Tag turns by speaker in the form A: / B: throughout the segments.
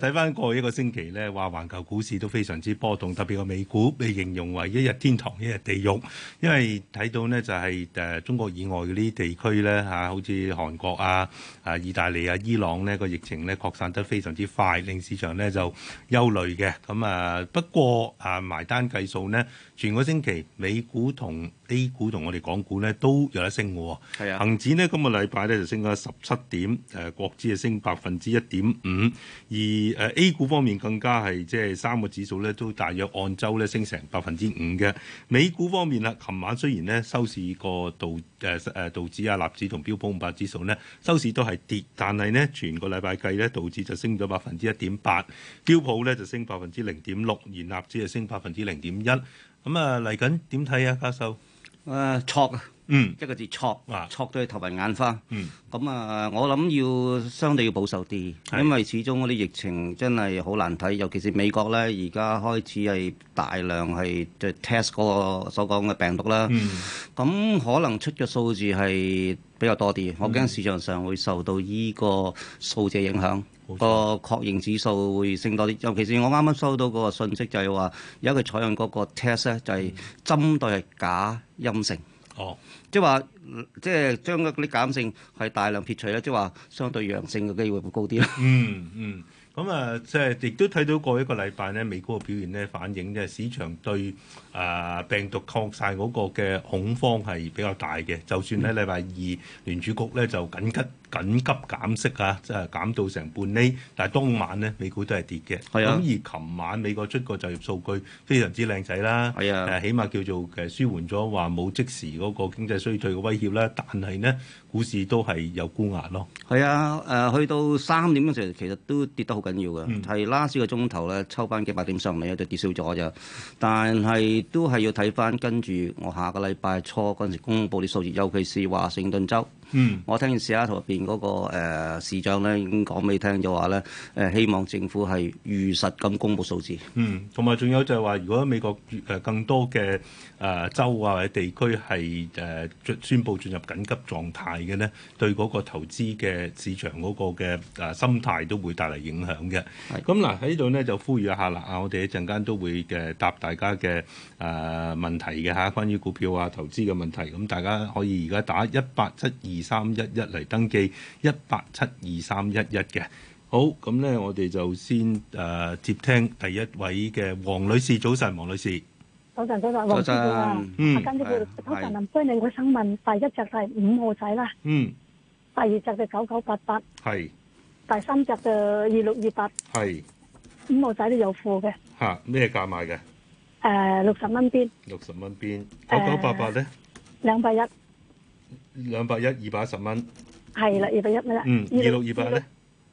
A: 睇翻過去一個星期咧，話環球股市都非常之波動，特別個美股被形容為一日天堂，一日地獄。因為睇到呢就係誒中國以外嗰啲地區咧嚇，好似韓國啊、啊意大利啊、伊朗呢個疫情咧擴散得非常之快，令市場咧就憂慮嘅。咁啊，不過啊埋單計數呢，全個星期美股同 A 股同我哋港股咧都有得升嘅，恒指咧今個禮拜咧就升咗十七點，誒，國指係升百分之一點五，而誒 A 股方面更加係即係三個指數咧都大約按周咧升成百分之五嘅。美股方面啦，琴晚雖然咧收市個道誒誒道指啊納指同標普五百指數咧收市都係跌，但係咧全個禮拜計咧道指就升咗百分之一點八，標普咧就升百分之零點六，而納指係升百分之零點一。咁啊
B: 嚟緊點睇啊，教授？誒錯啊！呃嗯、一個字錯，錯到你哇頭暈眼花。咁、嗯、啊，我諗要相對要保守啲，因為始終嗰啲疫情真係好難睇，尤其是美國咧，而家開始係大量係即係 test 嗰個所講嘅病毒啦。咁、嗯、可能出嘅數字係比較多啲，我驚市場上會受到依個數字影響。嗯嗯個確認指數會升多啲，尤其是我啱啱收到個信息，就係話有一個採用嗰個 test 咧，就係針對係假陰性，哦，即係話即係將啲假陰性係大量撇除咧，即係話相對陽性嘅機會會高啲，嗯。嗯嗯，咁啊，
A: 即係亦都睇到過一個禮拜呢，美國嘅表現呢，反映即係市場對啊病毒擴散嗰個嘅恐慌係比較大嘅。就算喺禮拜二聯儲局咧就緊急。緊急減息啊，即係減到成半呢。但係當晚呢，美股都係跌嘅。係啊，咁而琴晚美國出個就業數據非常之靚仔啦。係啊，誒、啊、起碼叫做誒舒緩咗話冇即時嗰個經濟衰退嘅威脅啦。但係呢，股市都係有沽壓咯。
B: 係啊，誒、呃、去到三點嘅時候，其實都跌得好緊要嘅，係 last 個鐘頭咧，抽翻幾百點上嚟啊，就跌少咗就。但係都係要睇翻跟住我下個禮拜初嗰陣時公布啲數字，尤其是華盛頓州。嗯，我聽西雅圖入邊嗰個、呃、市長咧已經講俾你聽，就話咧誒希望政府係如實咁公布數字。嗯，
A: 同埋仲有就係話，如果美國誒更多嘅誒、呃、州啊或者地區係誒、呃、宣佈進入緊急狀態嘅咧，對嗰個投資嘅市場嗰個嘅誒、呃、心態都會帶嚟影響嘅。係的，咁嗱喺呢度咧就呼籲一下啦！啊，我哋一陣間都會嘅答大家嘅。誒，問題嘅吓，關於股票啊、投資嘅問題，咁大家可以而家打一八七二三一一嚟登記，一八七二三一一嘅。好，咁咧，我哋就先誒接聽第一位嘅黃女士，早晨，黃女士，
C: 早晨，早晨，黃女士，嗯，啊，跟住佢，早晨林哥，你我想問，第一隻係五號仔啦，嗯，第二隻就九九八八，係，第三隻就二六二八，係，五號仔都有貨嘅，
A: 吓，咩價賣嘅？
C: 誒，六十蚊邊？
A: 六十蚊邊？九九八八咧？兩
C: 百一。
A: 兩百一二百一十蚊。
C: 係啦，二百一蚊啦。嗯。二六二八咧？誒，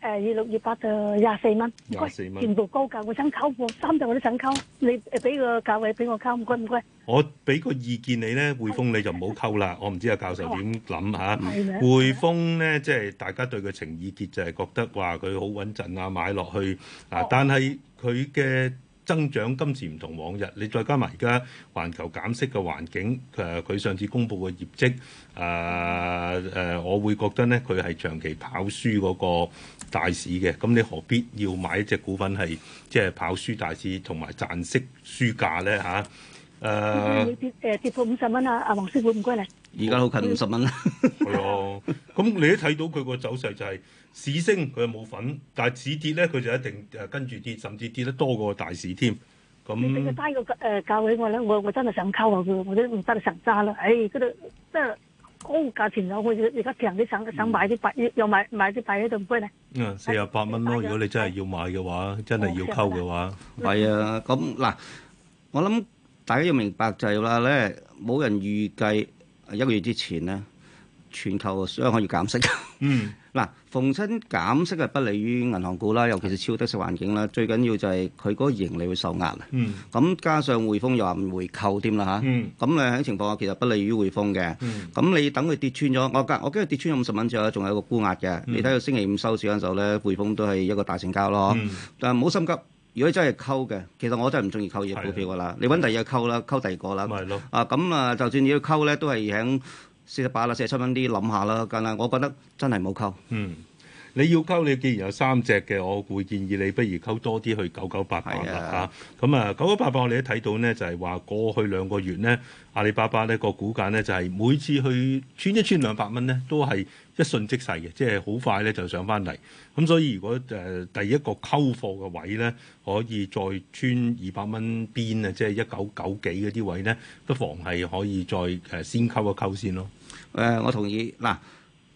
C: 二六二八就廿四蚊。廿四蚊。全部高價，我想溝貨，三隻我都想溝，你誒俾個價位俾我溝，唔該唔該。
A: 我俾個意見你咧，匯豐你就唔好溝啦。我唔知阿教授點諗嚇？匯豐咧，即係大家對佢情意結就係覺得話佢好穩陣啊，買落去嗱，但係佢嘅。增長今次唔同往日，你再加埋而家環球減息嘅環境，誒、呃、佢上次公布嘅業績，誒、呃、誒、呃，我會覺得呢，佢係長期跑輸嗰個大市嘅，咁、嗯、你何必要買一隻股份係即係跑輸大市同埋賺息輸價呢？吓？誒，誒跌破五十蚊啊！阿黃、
C: 嗯嗯、師傅唔該。而家好近五十
B: 蚊，
A: 係咯。咁你一睇到佢個走勢就係市升，佢又冇份，但係市跌咧，佢就一定誒跟住跌，甚至跌得多過大市添。咁俾佢低
C: 個誒價位我咧，我我真係想溝下佢，我都唔得啦，成揸啦，唉，嗰度即係高價錢咗，我而家平啲省省買啲幣，又買買啲幣喺度唔該咧。嗯，
B: 四十八蚊咯，如果你真係要買嘅話，真係要溝嘅話，係啊。咁嗱，我諗大家要明白就係啦咧，冇人預計。一個月之前咧，全球央行要減息。嗯，嗱，逢親減息係不利於銀行股啦，尤其是超低息環境啦。最緊要就係佢嗰個盈利會受壓。嗯，咁加上匯豐又話唔回購添啦嚇。嗯，咁咧喺情況下其實不利於匯豐嘅。嗯，咁你等佢跌穿咗，我隔我驚佢跌穿咗五十蚊之後，仲有一個沽壓嘅。你睇到星期五收市嗰陣時咧，匯豐都係一個大成交咯。嗯，但係唔好心急。如果真係溝嘅，其實我真係唔中意溝嘢股票㗎啦。你揾第二個溝啦，溝第二個啦。係咯。啊，咁啊，就算你要溝咧，都係喺四十八啦、四十七蚊啲諗下啦。但係，我覺得真係冇溝。嗯。你
A: 要溝你，既然有三隻嘅，我會建議你不如溝多啲去九九八八啦嚇。咁啊，九九八八我哋都睇到咧，就係話過去兩個月咧，阿里巴巴呢個股價咧就係每次去穿一穿兩百蚊咧，都係一瞬即逝嘅，即係好快咧就上返嚟。咁所以如果誒第一個溝貨嘅位咧，可以再穿二百蚊邊啊，即係一九九幾嗰啲位咧，
B: 不妨係可以再誒先溝一溝先咯。誒，我同意嗱。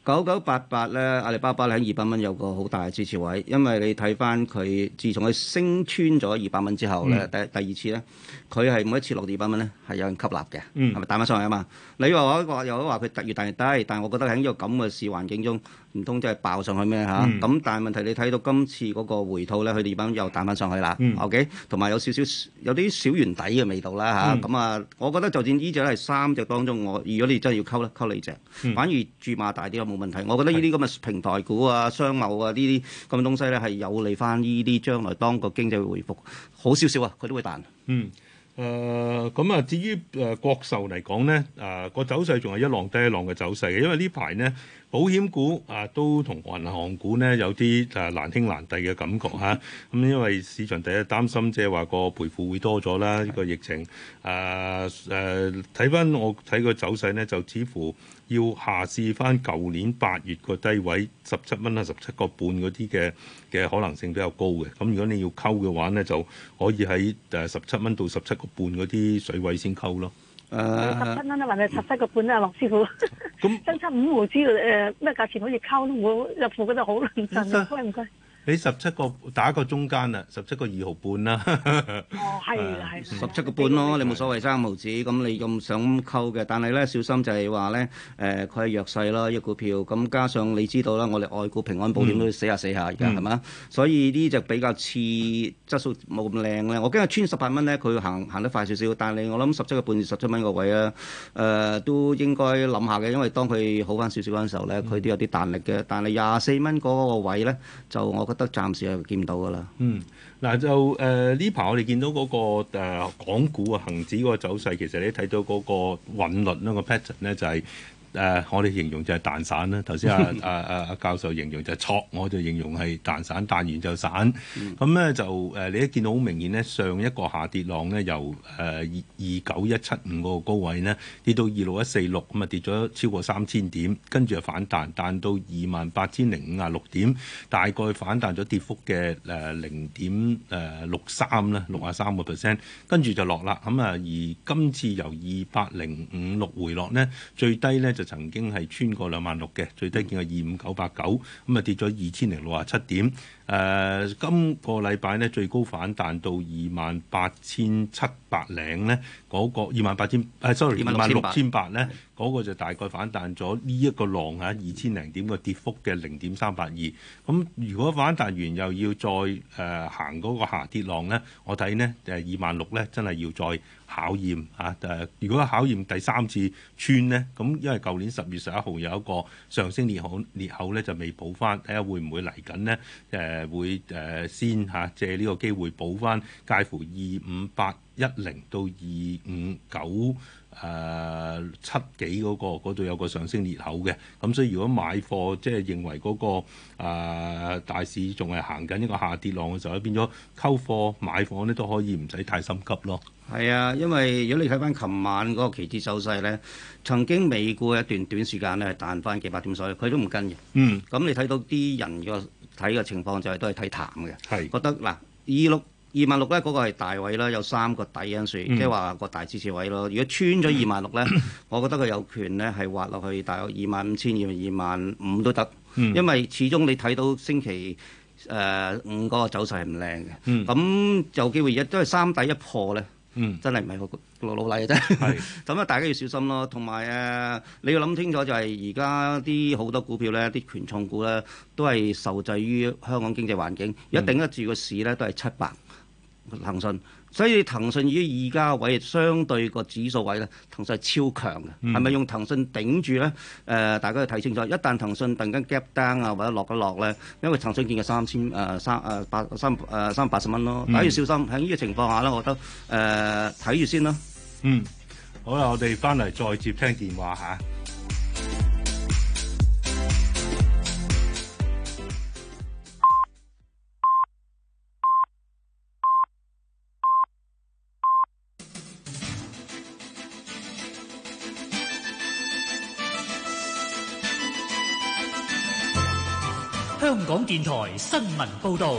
B: 九九八八咧，阿里巴巴咧喺二百蚊有個好大嘅支持位，因為你睇翻佢，自從佢升穿咗二百蚊之後咧，嗯、第第二次咧，佢係每一次落二百蚊咧，係有人吸納嘅，係咪、嗯、打返上去啊嘛？你話我話又話佢越跌越低，但係我覺得喺呢個咁嘅市環境中。唔通真係爆上去咩嚇？咁、嗯、但係問題你睇到今次嗰個回吐咧，佢哋班又彈翻上去啦。O K，同埋有少少有啲小圓底嘅味道啦嚇。咁、嗯、啊，我覺得就算呢隻咧係三隻當中，我如果你真係要溝咧，溝呢隻，嗯、反而注碼大啲咯，冇問題。我覺得呢啲咁嘅平台股啊、商貿啊呢啲咁嘅東西咧，係有利翻呢啲將來當個經濟回復好少少啊，佢都會彈。嗯，誒
A: 咁啊，至於誒國壽嚟講咧，誒、呃那個走勢仲係一浪低一浪嘅走勢嘅，因為呢排咧。保險股啊，都同銀行股呢，有啲誒、啊、難兄難弟嘅感覺嚇。咁、啊、因為市場第一擔心即係話個賠付會多咗啦，呢、呢個疫情。誒、啊、誒，睇、啊、翻我睇個走勢呢，就似乎要下試翻舊年八月個低位十七蚊啊、十七個半嗰啲嘅嘅可能性比較高嘅。咁、啊、如果你要溝嘅話呢，就可以喺誒十七蚊到十七個半嗰啲水位先溝咯。十七
C: 蚊啦，還是十七個半啊，黃師傅。咁爭差五毫紙誒咩價錢？可以溝都冇入貨，覺得好謹慎。唔該唔該。
A: 喺十七個打個中間
B: 啊，十七個二毫半啦。
D: 哦，
C: 係啊，
B: 係十七個半咯，你冇所謂三毫紙，咁你咁想溝嘅。但係咧，小心就係話咧，誒、呃，佢係弱勢咯，一股票。咁加上你知道啦，我哋外股平安保險都要死下死下，而家係嘛？所以呢隻比較似質素冇咁靚咧。我驚佢穿十八蚊咧，佢行行得快少少，但係我諗十七個半、十七蚊個位啊，誒，都應該諗下嘅，因為當佢好翻少少嗰陣時候咧，佢都有啲彈力嘅。但係廿四蚊嗰個位咧，就我覺得。得暫時係見唔到噶啦。嗯，
A: 嗱就誒，呢排我哋見到嗰、嗰個誒、呃、港股啊、恒指嗰個走勢。其實你睇到嗰個韻律、嗰個、呢個 pattern 咧就係、是。誒，uh, 我哋形容就係彈散啦。頭先阿阿阿教授形容就係、是、挫，我就形容係彈散，彈完就散。咁咧 就誒，你一見到好明顯呢，上一個下跌浪呢，由誒二二九一七五個高位呢，跌到二六一四六，咁啊跌咗超過三千點，跟住就反彈，彈到二萬八千零五啊六點，大概反彈咗跌幅嘅誒零點誒六三啦，六啊三個 percent，跟住就落啦。咁啊，而今次由二百零五六回落呢，最低呢。就曾經係穿過兩萬六嘅最低見過二五九八九，咁啊跌咗二千零六十七點。誒、呃，今個禮拜呢，最高反彈到二萬八千七百零呢嗰、嗰個二萬八千誒，sorry，二萬六千八呢嗰個就大概反彈咗呢一個浪嚇二千零點個跌幅嘅零點三八二。咁如果反彈完又要再誒、呃、行嗰個下跌浪呢，我睇呢誒二萬六呢，真係要再。考驗啊！誒，如果考驗第三次穿呢？咁、嗯、因為舊年十月十一號有一個上升裂口，裂口呢就未補翻，睇下會唔會嚟緊呢？誒、呃、會誒、呃、先嚇、啊、借呢個機會補翻，介乎二五八一零到二五九誒七幾嗰度有個上升裂口嘅。咁、嗯、所以如果買貨，即係認為嗰、嗰個、呃、大市仲係行緊呢個下跌浪嘅時候，變咗
B: 溝貨買貨呢都可以唔使太心急咯。係啊，因為如果你睇翻琴晚嗰個期指走勢咧，曾經未過一段短時間咧係彈翻幾百點水，佢都唔跟嘅。嗯，咁你睇到啲人個睇嘅情況就係都係睇淡嘅。係的覺得嗱，二六二萬六咧，嗰個係大位啦，有三個底因素，即係話個大支持位咯。如果穿咗二萬六咧，我覺得佢有權咧係滑落去大約二萬五千二、二萬五都得，因為始終你睇到星期誒五嗰個走勢係唔靚嘅。嗯，咁就有機會亦都係三底一破咧。嗯，真係唔係個老老賴嘅啫。係，咁啊，是 大家要小心咯。同埋誒，你要諗清楚，就係而家啲好多股票咧，啲權重股咧，都係受制於香港經濟環境。一頂得住個市咧，都係七百，騰訊。所以騰訊依而家位相對個指數位咧，騰訊係超強嘅，係咪？嗯、用騰訊頂住咧？誒、呃，大家要睇清楚。一旦騰訊突然間 gap down 啊，或者落一落咧，因為騰訊見嘅三千誒三誒八三誒三百八十蚊咯，大家要，嗯、小心喺呢個情況下咧，我覺得誒睇住先咯。嗯，好啦，我哋翻嚟再接聽電話嚇。
E: 香港電台新聞報道，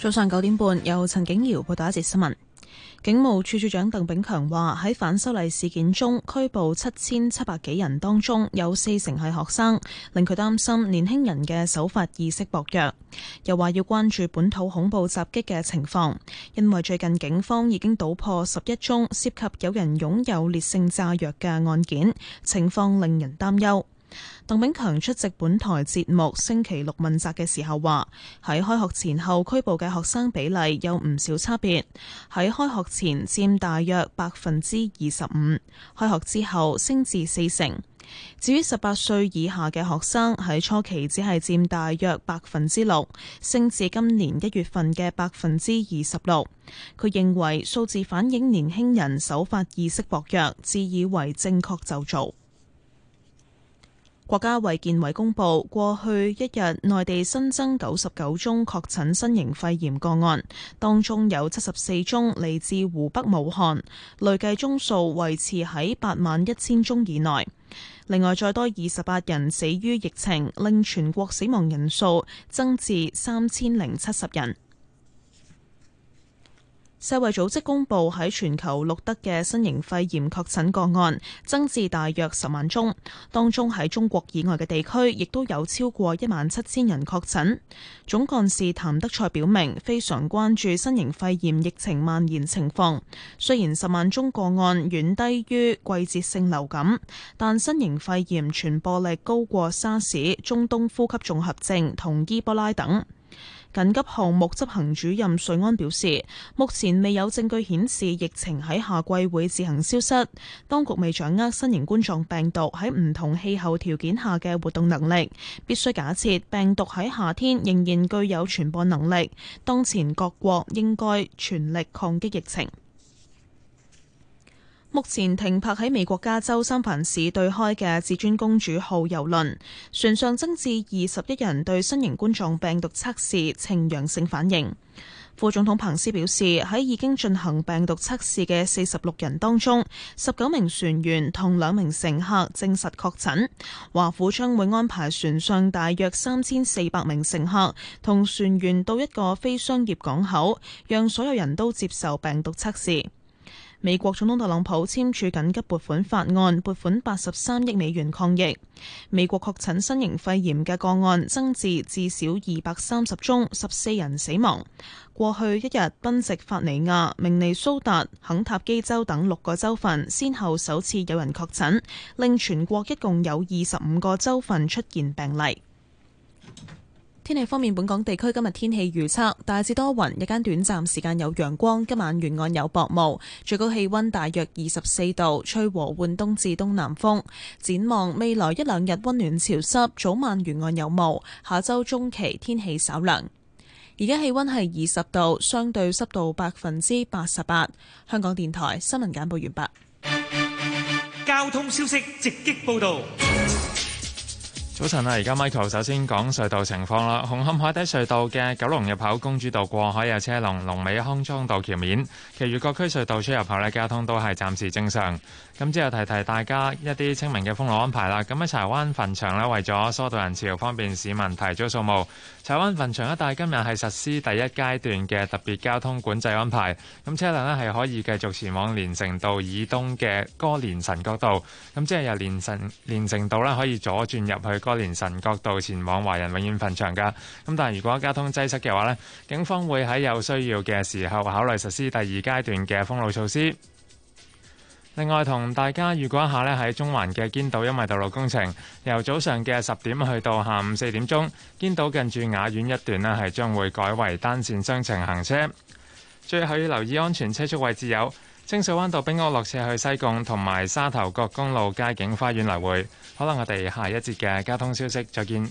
F: 早上九點半，由陳景瑤報道一節新聞。警務處處長鄧炳強話，喺反修例事件中拘捕七千七百幾人當中，有四成係學生，令佢擔心年輕人嘅守法意識薄弱。又話要關注本土恐怖襲擊嘅情況，因為最近警方已經搗破十一宗涉及有人擁有烈性炸藥嘅案件，情況令人擔憂。鄧炳強出席本台節目《星期六問責》嘅時候話：喺開學前後拘捕嘅學生比例有唔少差別，喺開學前占大約百分之二十五，開學之後升至四成。至於十八歲以下嘅學生喺初期只係占大約百分之六，升至今年一月份嘅百分之二十六。佢認為數字反映年輕人守法意識薄弱，自以為正確就做。國家衛健委公布，過去一日內地新增九十九宗確診新型肺炎個案，當中有七十四宗嚟自湖北武漢，累計宗數維持喺八萬一千宗以內。另外再多二十八人死於疫情，令全國死亡人數增至三千零七十人。世衛組織公布喺全球錄得嘅新型肺炎確診個案增至大約十萬宗，當中喺中國以外嘅地區亦都有超過一萬七千人確診。總幹事譚德塞表明非常關注新型肺炎疫情蔓延情況，雖然十萬宗個案遠低於季節性流感，但新型肺炎傳播力高過沙士、中東呼吸綜合症同伊波拉等。緊急項目執行主任瑞安表示，目前未有證據顯示疫情喺夏季會自行消失。當局未掌握新型冠狀病毒喺唔同氣候條件下嘅活動能力，必須假設病毒喺夏天仍然具有傳播能力。當前各國應該全力抗擊疫情。目前停泊喺美國加州三藩市對開嘅至尊公主號郵輪，船上增至二十一人對新型冠狀病毒測試呈陽性反應。副總統彭斯表示，喺已經進行病毒測試嘅四十六人當中，十九名船員同兩名乘客證實確診。華府將會安排船上大約三千四百名乘客同船員到一個非商業港口，讓所有人都接受病毒測試。美國總統特朗普簽署緊急撥款法案，撥款八十三億美元抗疫。美國確診新型肺炎嘅個案增至至少二百三十宗，十四人死亡。過去一日，賓夕法尼亞、明尼蘇達、肯塔基州等六個州份先後首次有人確診，令全國一共有二十五個州份出現病例。天氣方面，本港地區今日天氣預測大致多雲，日間短暫時間有陽光。今晚沿岸有薄霧，最高氣溫大約二十四度，吹和緩東至東南風。展望未來一兩日温暖潮濕，早晚沿岸有霧。下周中期天氣稍涼。而家氣溫係二十度，相對濕度百分之八十八。香港電台新聞簡報完畢。交通消息直擊報道。
G: 早晨啊，而家 Michael 首先講隧道情況啦。紅磡海底隧道嘅九龍入口公主道過海有車龍，龍尾康莊道橋面。其餘各區隧道出入口呢，交通都係暫時正常。咁之後提提大家一啲清明嘅封路安排啦。咁喺柴灣墳場呢，為咗疏導人潮方，方便市民提早掃墓。柴灣墳場一帶今日係實施第一階段嘅特別交通管制安排，咁車輛呢係可以繼續前往連城道以東嘅歌連臣角道，咁即係由連城連城道呢可以左轉入去歌連臣角道前往華人永遠墳場嘅。咁但係如果交通擠塞嘅話呢，警方會喺有需要嘅時候考慮實施第二階段嘅封路措施。另外同大家預告一下咧，喺中環嘅堅道因為道路工程，由早上嘅十點去到下午四點鐘，堅道近住雅苑一段呢係將會改為單線雙程行車。最後要留意安全車速位置，有清水灣道、冰屋落斜去西貢，同埋沙頭角公路街景花園來回。可能我哋下一節嘅交通消息再見。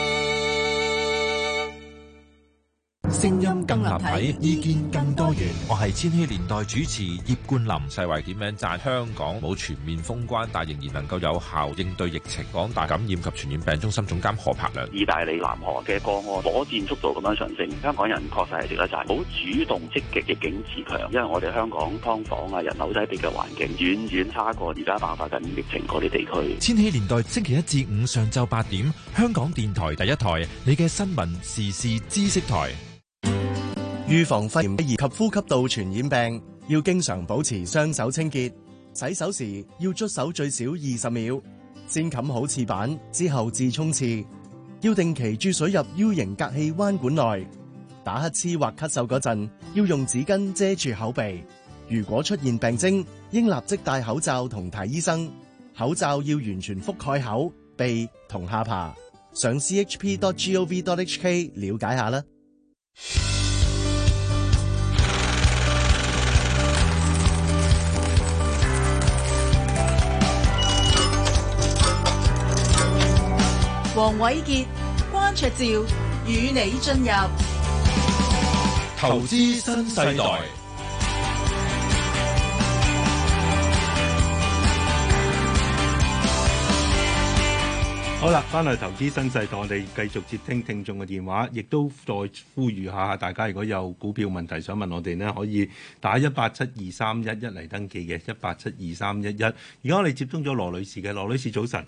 H: 聲音更立體，意
E: 見更多元。我係千禧年代主持葉冠霖，世衛點樣讚香港冇全面封關，但仍然能夠有效應對疫情，港大感染及傳染病中心總監何柏良。
I: 意大利南韓嘅個案，火箭速度咁樣上升，香港人確實係值得讚，好主動積極逆境自強。因為我哋香港劏房啊，人口低地嘅環境，遠遠差過而家爆發緊疫情嗰啲地區。
E: 千禧年代星期一至五上晝八點，香港電台第一台，你嘅新聞時事知識台。預防肺炎以及呼吸道傳染病，要經常保持
H: 雙手清潔。洗手時要捽手最少二十秒，先冚好廁板之後至沖廁。要定期注水入 U 型隔氣彎管內。打乞嗤或咳嗽嗰陣，要用紙巾遮住口鼻。如果出現病徵，應立即戴口罩同睇醫生。口罩要完全覆蓋口、鼻同下巴。上 chp.gov.hk 了解下啦。
F: 黃瑋傑、關焯照與你進入
E: 投資新世代。
A: 好啦，翻嚟投資新世代，我哋繼續接聽聽眾嘅電話，亦都再呼籲下大家，如果有股票問題想問我哋呢，可以打一八七二三一一嚟登記嘅，一八七二三一一。而家我哋接通咗羅女士嘅，羅女士早晨。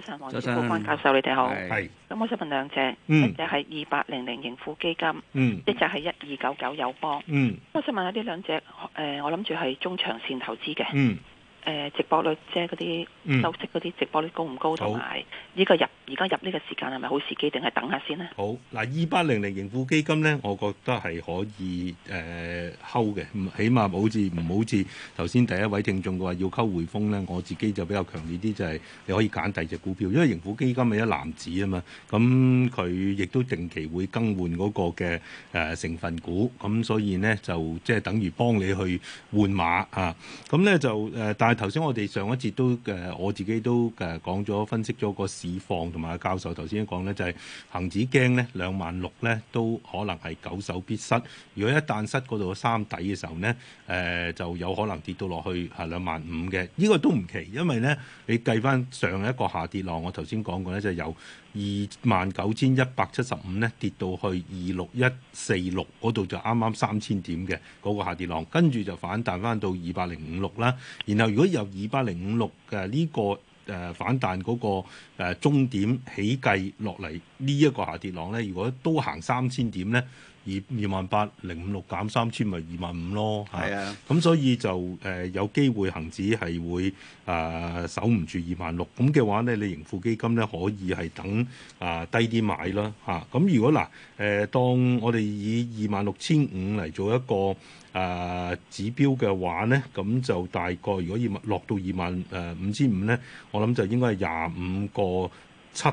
F: 早晨，黃生、關教授，你哋好。係是，咁、嗯、我想問兩隻，嗯、一隻係二八零零盈富基金，嗯、一隻係一二九九友邦。嗯，我想問下呢兩隻，誒、呃，我諗住係中長線投資嘅。嗯。誒、呃、值博率即係嗰啲收息嗰啲值博率高唔高？同
C: 埋呢個入而家入呢個時間係咪好時機？定係等下先呢？
A: 好，嗱，二八零零盈富基金咧，我覺得係可以誒溝嘅，起碼好似唔好似頭先第一位聽眾嘅話要溝匯豐咧，我自己就比較強烈啲，就係、是、你可以揀第二隻股票，因為盈富基金係一籃子啊嘛，咁佢亦都定期會更換嗰個嘅誒成分股，咁所以呢，就即係等於幫你去換馬啊，咁咧就誒但。頭先我哋上一節都誒，我自己都誒講咗分析咗個市況，同埋教授頭先講咧，就係恒指驚咧兩萬六咧，都可能係久守必失。如果一旦失嗰度三底嘅時候咧，誒、呃、就有可能跌到落去係兩萬五嘅。呢、這個都唔奇，因為咧你計翻上一個下跌浪，我頭先講過咧，就係、是、有。二萬九千一百七十五咧跌到去二六一四六嗰度就啱啱三千點嘅嗰、嗰個下跌浪，跟住就反彈翻到二百零五六啦。然後如果由二百零五六嘅呢個誒、呃、反彈嗰、嗰個誒終、呃、點起計落嚟呢一個下跌浪咧，如果都行三千點咧？二二萬八零五六減三千咪二萬五咯，係的啊，咁所以就誒、呃、有機會恒指係會誒、呃、守唔住二萬六，咁嘅話咧，你盈富基金咧可以係等、呃、低啊低啲買啦，嚇。咁如果嗱誒、呃，當我哋以二萬六千五嚟做一個誒、呃、指標嘅話咧，咁就大概如果二萬落到二萬誒五千五咧，我諗就應該係廿五個七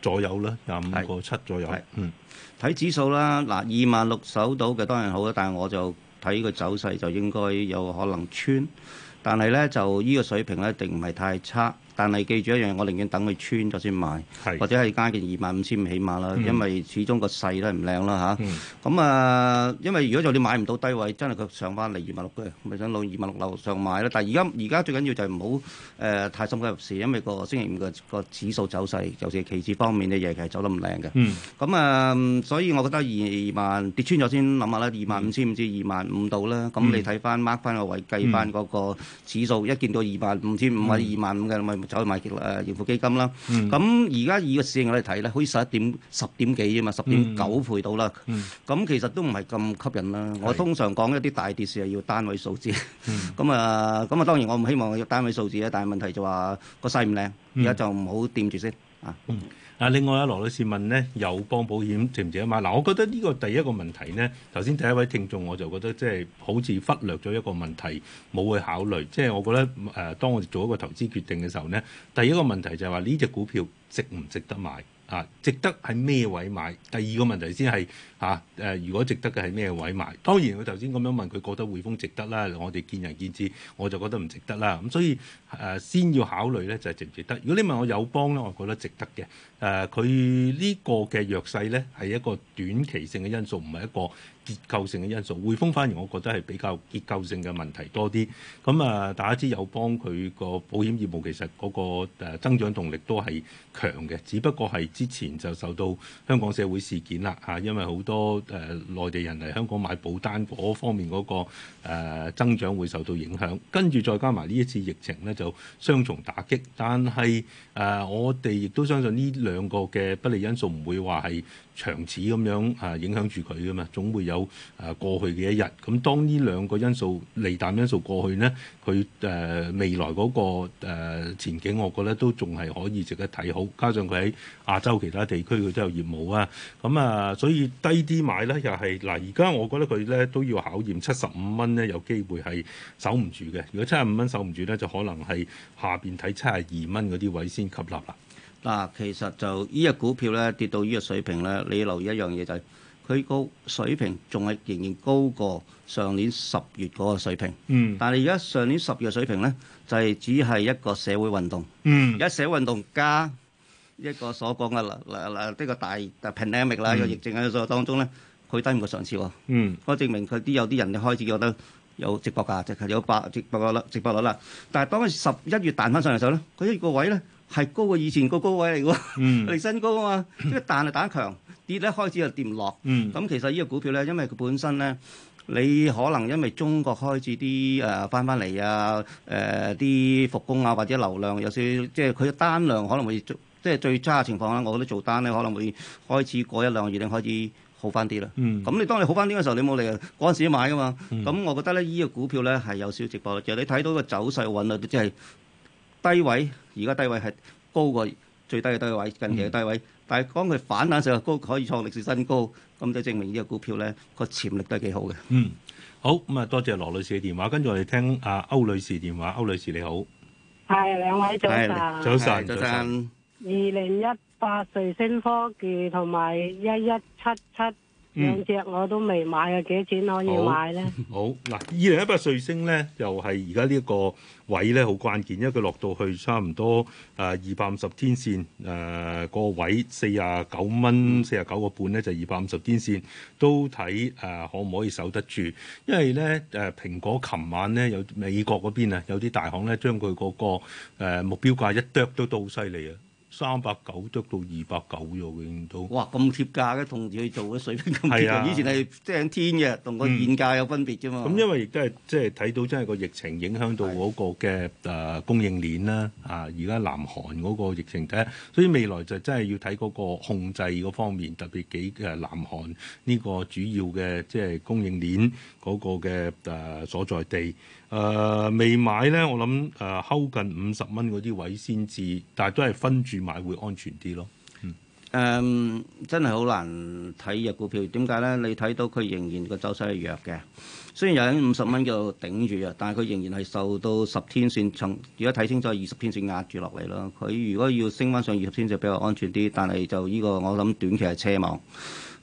A: 左右啦，廿五個七左右，左右的嗯。
B: 睇指數啦，嗱，二萬六守到嘅當然好啦，但係我就睇呢個走勢就應該有可能穿，但係呢，就呢個水平呢定唔係太差。但係記住一樣，我寧願等佢穿咗先買，或者係加件二萬五千五起碼啦，因為始終個勢都係唔靚啦吓。咁啊、嗯嗯，因為如果就你買唔到低位，真係佢上翻嚟二萬六嘅，咪想攞二萬六樓上買啦。但係而家而家最緊要就係唔好誒太深入入市，因為個星期五個個指數走勢，尤其係期指方面嘅嘢其係走得唔靚嘅。咁啊、嗯嗯嗯，所以我覺得二萬跌穿咗先諗下啦，二萬,二萬5、嗯、五千五至二萬五度啦。咁、嗯嗯、你睇翻 mark 翻個位，計翻嗰個指數，一見到二萬五千五或者二萬五嘅走去買誒盈富基金啦，咁、嗯、而家以個市盈率嚟睇咧，好似十一點十點幾啊嘛，十點九倍到啦，咁、嗯、其實都唔係咁吸引啦。的我通常講一啲大跌市係要單位數字，咁 啊、 嗯，咁啊、嗯嗯、當然我唔希望要單位數字、嗯、啊，但係問題就話個勢唔靚，而家就唔好掂住先啊。啊！另外啊，羅女士問咧，友邦保險值唔值得買？嗱、啊，我覺得呢個
A: 第一個問題咧，頭先第一位聽眾我就覺得即係好似忽略咗一個問題，冇去考慮。即、就、係、是、我覺得誒、呃，當我做一個投資決定嘅時候咧，第一個問題就係話呢隻股票值唔值得買？啊，值得喺咩位買？第二個問題先係。嚇誒、啊，如果值得嘅係咩位買？當然佢頭先咁樣問，佢覺得匯豐值得啦，我哋見仁見智，我就覺得唔值得啦。咁所以誒、啊，先要考慮咧就係、是、值唔值得。如果你問我友邦咧，我覺得值得嘅。誒、啊，佢呢個嘅弱勢咧係一個短期性嘅因素，唔係一個結構性嘅因素。匯豐反而我覺得係比較結構性嘅問題多啲。咁啊，大家知友邦佢個保險業務其實嗰個增長動力都係強嘅，只不過係之前就受到香港社會事件啦嚇、啊，因為好。多誒、呃、內地人嚟香港買保單嗰方面嗰、嗰個、呃、增長會受到影響，跟住再加埋呢一次疫情呢就雙重打擊，但係誒、呃、我哋亦都相信呢兩個嘅不利因素唔會話係長此咁樣啊，影響住佢噶嘛，總會有啊過去嘅一日。咁當呢兩個因素利淡因素過去呢，佢誒、呃、未來嗰、那個、呃、前景，我覺得都仲係可以值得睇好。加上佢喺亞洲其他地區，佢都有業務啊。咁啊，所以低啲買呢，又係嗱。而、啊、家我覺得佢呢都要考驗七十五蚊呢，有機會係守唔住嘅。如果七十五蚊守唔住呢，就可能係下邊睇七十二蚊嗰啲位先吸納啦。
B: 嗱、啊，其實就依、這個股票咧跌到依個水平咧，你要留意一樣嘢就係佢個水平仲係仍然高過上年十月嗰個水平。嗯。但係而家上年十月嘅水平咧，就係只係一個社會運動。嗯。而家社會運動加一個所講嘅嗱嗱嗱，呢、這個大 pandemic 啦，有、嗯、疫症喺度當中咧，佢低唔過上次喎。可以、嗯、證明佢啲有啲人就開始覺得有直播架，即係有八直播率、直播率啦。但係當佢十一月彈翻上嚟嘅時候咧，佢一個位咧。呢係高過以前個高位嚟嘅喎，嚟、嗯、 新高啊嘛！一彈就打強，跌咧開始就跌唔落。咁、嗯、其實呢個股票咧，因為佢本身咧，你可能因為中國開始啲誒翻翻嚟啊，誒、呃、啲、呃、復工啊，或者流量有少，即係佢嘅單量可能會即係最差嘅情況啦。我覺得做單咧可能會開始過一兩個月咧開始好翻啲啦。咁、嗯、你當你好翻啲嘅時候，你冇理由嗰陣時買㗎嘛。咁、嗯、我覺得咧呢、呢個股票咧係有少直播其實，你睇到個走勢穩啊，即係。即低位，而家低位係高過最低嘅低位，近期嘅低位。嗯、但係講佢反彈上嚟高，可以創歷史新高，咁就證明呢個股票咧個潛力都係幾好嘅。
A: 嗯，好咁啊，
B: 多謝羅女士嘅電話，跟住
A: 我哋聽阿歐女士電話。歐女士你好，
C: 係兩位早晨。早晨。早晨。二零一八瑞星科技同埋一一七七。兩隻我
A: 都未買啊！幾多錢可以買咧？好嗱，二零一八瑞星咧，又係而家呢個位咧，好關鍵，因為佢落到去差唔多誒二百五十天線誒、呃嗰個位四十九蚊，四十九個半咧，就二百五十天線都睇誒、呃、可唔可以守得住？因為咧誒蘋果琴晚咧有美國嗰邊啊，有啲大行咧將佢個個、呃、目標價一啄都到好犀利啊！三
B: 百九跌到二百九咗，應到。哇！咁貼價嘅，同佢做嘅水平咁貼。 啊、以前係掙天嘅，同個現價有分別啫嘛。咁、嗯
A: 嗯、因為亦都係即係睇到，即係個疫情影響到嗰個嘅誒供應鏈啦。的啊，而家南韓嗰個疫情睇，所以未來就真係要睇嗰個控制嗰方面，特別幾誒南韓呢個主要嘅即係供應鏈嗰個嘅誒所在地。誒、uh, 未買呢，我諗誒靠近五十蚊嗰啲位先至，但係都係分住買
B: 會安全啲咯。嗯，um, 真係好難睇日股票，點解呢？你睇到佢仍然個走勢係弱嘅，雖然有五十蚊度頂住啊，但係佢仍然係受到十天線如果睇清楚二十天線壓住落嚟咯。佢如果要升翻上二十天就比較安全啲，但係就呢個我諗短期係奢望。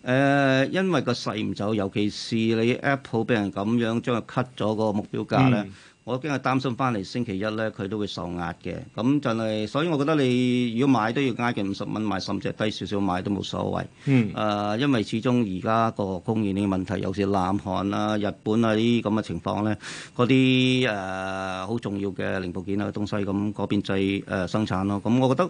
B: 誒、呃，因為個勢唔走，尤其是你 Apple 俾人咁樣將佢 cut 咗個目標價咧，嗯、我驚係擔心翻嚟星期一咧，佢都會受壓嘅。咁就係、是，所以我覺得你如果買都要挨近五十蚊買，甚至係低少少買都冇所謂。誒、嗯呃，因為始終而家個供應鏈問題，尤其是南韓啦、啊、日本啊啲咁嘅情況咧，嗰啲誒好重要嘅零部件啊東西咁、啊、嗰邊製、呃、生產咯，咁我覺得。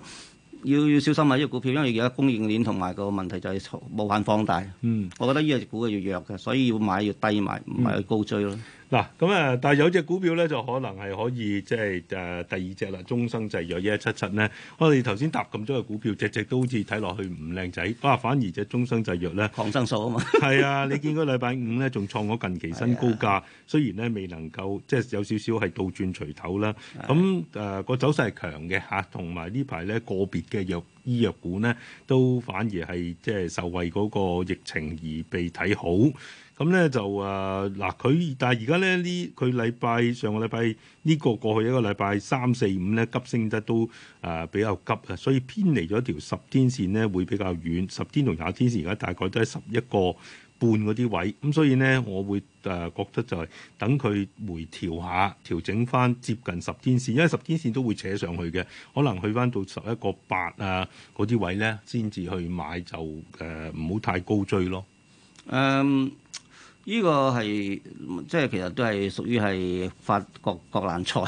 B: 要要小心買呢啲股票，因為而家供應鏈同埋個問題就係無限放大。嗯，我覺得呢隻股係要弱嘅，所以要買要低買，唔係去高追咯。嗯嗱，咁啊，但係有隻股票咧，就可
A: 能係可以即係誒第二隻啦，中生製藥一一七七咧。我哋頭先搭咁多嘅股票，隻隻都好似睇落去唔靚仔，哇、啊！反而隻中生製藥咧，抗生素啊嘛，係 啊，你見嗰禮拜五咧，仲創咗近期新高價，哎、呀雖然咧未能夠即係有少少係倒轉錘頭啦。咁誒個走勢係強嘅嚇，同、啊、埋呢排咧個別嘅藥醫藥股咧，都反而係即係受惠嗰個疫情而被睇好。咁咧就誒嗱，佢但係而家咧呢？佢禮拜上個禮拜呢個過去一個禮拜三四五咧急升得都誒比較急啊，所以偏離咗條十天線咧會比較遠，十天同廿天線而家大概都喺十一個半嗰啲位咁，所以呢，我會誒覺得就係等佢回調下調整翻接近十天線，因為十天線都會扯上去嘅，可能去翻到十一個八啊
B: 嗰啲位呢，先至去買就誒唔好太高追咯，嗯。呢個係即係其實都係屬於係發國難財，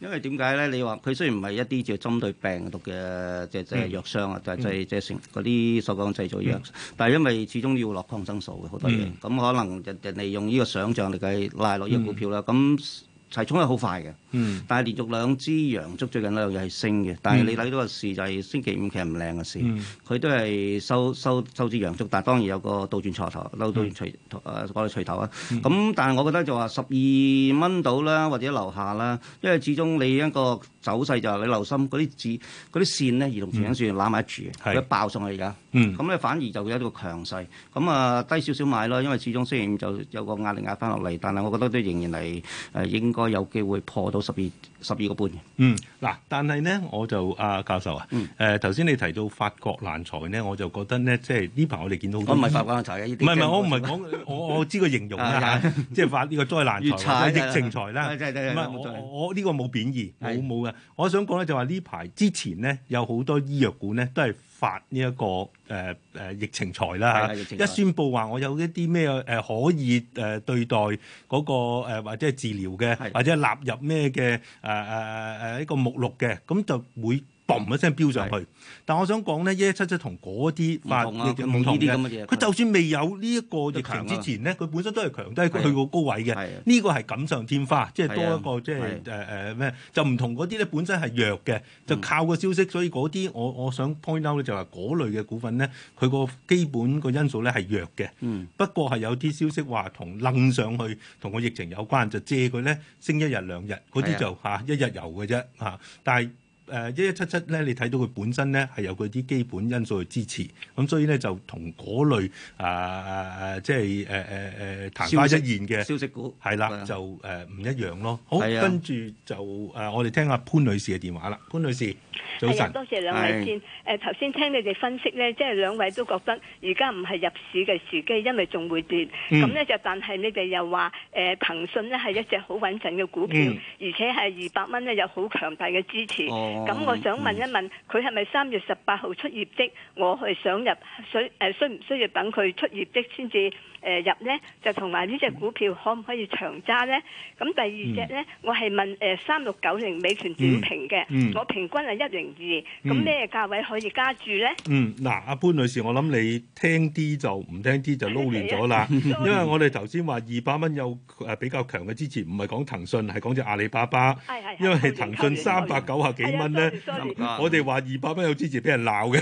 B: 因為點解咧？你話佢雖然唔係一啲只係針對病毒嘅即係藥商啊，但係即係即係成嗰啲所講製造藥，嗯、但係因為始終要落抗生素嘅好多嘢，咁、嗯、可能人哋用呢個想像力嚟拉落呢個股票啦，咁齊沖係好快嘅。嗯，但係連續兩支陽燭最近兩樣嘢係升嘅，但係你睇到個市就係星期五其實唔靚嘅市，佢都係收收收支陽燭，但係當然有個倒轉鎚頭，扭到鎚頭啊，咁但係我覺得就話十二蚊到啦，或者樓下啦，因為始終你一個走勢就係你留心嗰啲字嗰啲線咧，移動平均線攬埋一住，佢爆上去而家，咁咧反而就有一個強勢，咁啊低少少買咯，因為始終雖然就有個壓力壓翻落嚟，但係我覺得都仍然係誒應該有機會破到。十二十二個半嘅，嗯，嗱，但係咧，我就阿教授啊，誒，頭
A: 先你提到發國難財咧，我就覺得咧，即係呢排我哋見到好多，我唔係發國難財啊，唔係唔係，我唔係講，我我知個形容啦嚇，即係發呢個災難財、疫情財啦，唔係我我呢個冇貶義，冇冇嘅，我想講咧就話呢排之前咧有好多醫藥股咧都係。發呢、這、一個誒誒、呃、疫情財啦，吓一宣布，話我有一啲咩誒可以誒對待嗰、那個或者係治療嘅，或者係的納入咩嘅誒誒誒誒一個目錄嘅，咁就會。嘣一聲飆上去，但我想講咧，一一七七同嗰啲發唔同啊，唔同嘅。佢就算未有呢一個疫情之前咧，佢本身都係強低去過高位嘅。係，呢個係錦上添花，的即係多一個的即係誒誒咩？就唔同嗰啲咧，本身係弱嘅，就靠個消息。所以嗰啲我我想 point out 咧，就係嗰類嘅股份咧，佢個基本個因素咧係弱嘅。的不過係有啲消息話同掹上去同個疫情有關，就借佢咧升一日兩日，嗰啲就嚇、啊、一日遊嘅啫嚇。但係。但誒一一七七咧，你睇到佢本身咧係有佢啲基本因素去支持，咁所以咧就同嗰類誒誒誒即係誒誒誒曇花一現嘅消息股係啦，的的就誒唔一樣咯。好，的跟住就誒、呃、我哋聽下潘女士嘅電話啦，潘女士。係啊，多謝兩位先。
C: 誒頭先聽你哋分析呢，即係兩位都覺得而家唔係入市嘅時機，因為仲會跌。咁呢、嗯，就但係你哋又話誒騰訊呢係一隻好穩陣嘅股票，嗯、而且係二百蚊呢有好強大嘅支持。咁、哦、我想問一問，佢係咪三月十八號出業績？我係想入，呃、需誒需唔需要等佢出業績先至？誒入咧就同埋呢隻股票可唔可以長揸咧？咁第二隻咧，我係問誒三六九零美團點評嘅，我平均係一零二，咁咩價位可以加注咧？嗯，
A: 嗱，阿潘女士，我諗你聽啲就唔聽啲就撈亂咗啦。因為我哋頭先話二百蚊有誒比較強嘅支持，唔係講騰訊，係講隻阿里巴巴。係係。因為騰訊三百九十幾蚊咧，我哋話二百蚊有支持，俾人鬧嘅。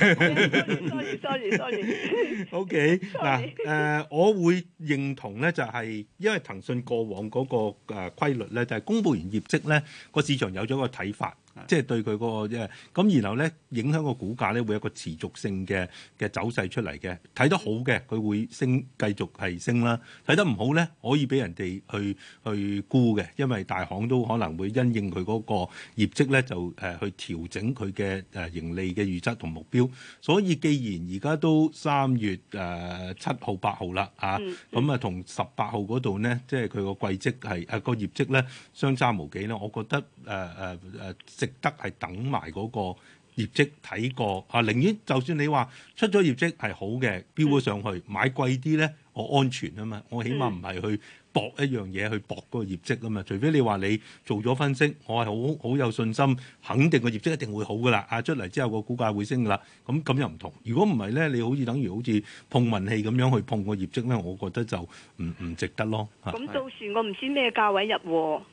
A: sorry sorry sorry sorry。O K 嗱誒，我會。認同咧就係因為騰訊過往嗰個誒規律，咧就係公布完業績咧，個市場有咗個睇法。即係對佢嗰、那個即係咁，然後咧影響個股價咧會有個持續性嘅嘅走勢出嚟嘅。睇得好嘅，佢會升繼續係升啦；睇得唔好咧，可以俾人哋去去估嘅，因為大行都可能會因應佢嗰個業績咧就誒去調整佢嘅誒盈利嘅預測同目標。所以既然而家都三月誒七號八號啦啊，咁啊同十八號嗰度咧，即係佢個季績係啊個業績咧相差無幾咧，我覺得誒誒誒食。呃呃得係等埋嗰個業績睇過啊，寧願就算你話出咗業績係好嘅，飆咗上去，嗯，買貴啲咧，我安全啊嘛，我起碼唔係去搏一樣嘢去搏嗰個業績啊嘛。除非你話你做咗分析，我係好好有信心，肯定個業績一定會好噶啦。啊出嚟之後個股價會升噶啦。咁咁又唔同。如果唔係咧，你好似等於好似碰運氣咁樣去碰個業績咧，我覺得就唔唔值得咯。咁到
C: 時我唔知咩價位入喎
A: 的。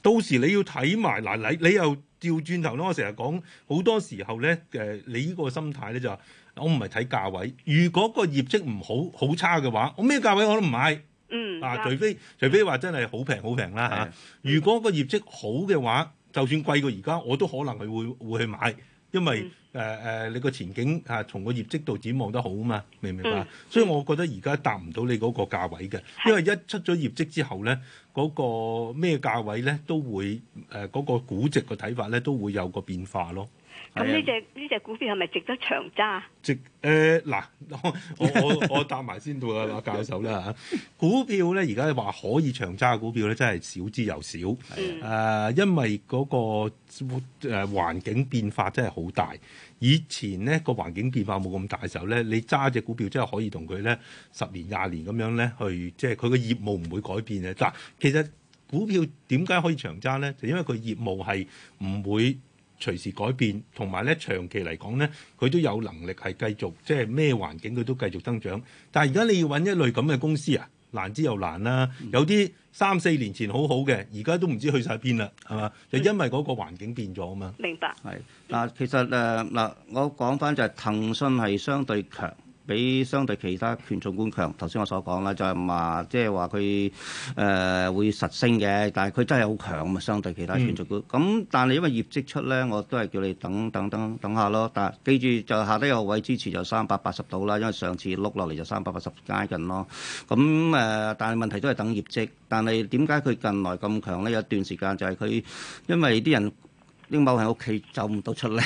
A: 到時你要睇埋嗱你你，你，你又。你又調轉頭囉，我成日講好多時候咧，誒、呃、你呢個心態咧就我唔係睇價位，如果個業績唔好好差嘅話，我咩價位我都唔買。
D: 嗯、啊
A: 除非除非話真係好平好平啦嚇。啊、是如果個業績好嘅話，就算貴過而家，我都可能係會會去買，因為。嗯誒誒、呃，你個前景啊，從個業績度展望得好嘛，明唔明白？嗯、所以我覺得而家達唔到你嗰個價位嘅，因為一出咗業績之後咧，嗰、嗰個咩價位咧都會誒嗰、呃嗰個估值個睇法咧都會有個變化咯。
C: 咁
A: 呢隻呢隻股票係咪值得長揸？值誒嗱、呃，我我我， 我答埋先到啊，馬教授啦嚇、啊。股票咧而家話可以長揸嘅股票咧，真係少之又少。誒、嗯呃，因為嗰、那個誒、呃、環境變化真係好大。以前咧個環境變化冇咁大嘅時候咧，你揸隻股票真係可以同佢咧十年廿年咁樣咧去，即係佢嘅業務唔會改變嘅。但，其實股票點解可以長揸咧？就因為佢業務係唔會隨時改變，同埋咧長期嚟講咧，佢都有能力係繼續，即係咩環境佢都繼續增長。但係而家你要揾一類咁嘅公司啊，難之又難啦、啊。有啲三四年前好好嘅，而家都唔知去晒邊啦，係嘛？就因為嗰個環境變咗啊嘛。明白。係
B: 嗱，其實誒嗱、呃，我講返就係、是、騰訊係相對強。比相對其他權重股強，頭先我所講啦，就係話即係話佢誒會實升嘅，但係佢真係好強嘛，相對其他權重股。咁、嗯、但係因為業績出咧，我都係叫你等等等等下咯。但係記住就是、下低嘅位支持就三百八十度啦，因為上次碌落嚟就三百八十加近咯。咁誒、呃，但係問題都係等業績。但係點解佢近來咁強咧？有一段時間就係佢因為啲人，拎某人屋企走唔到出嚟，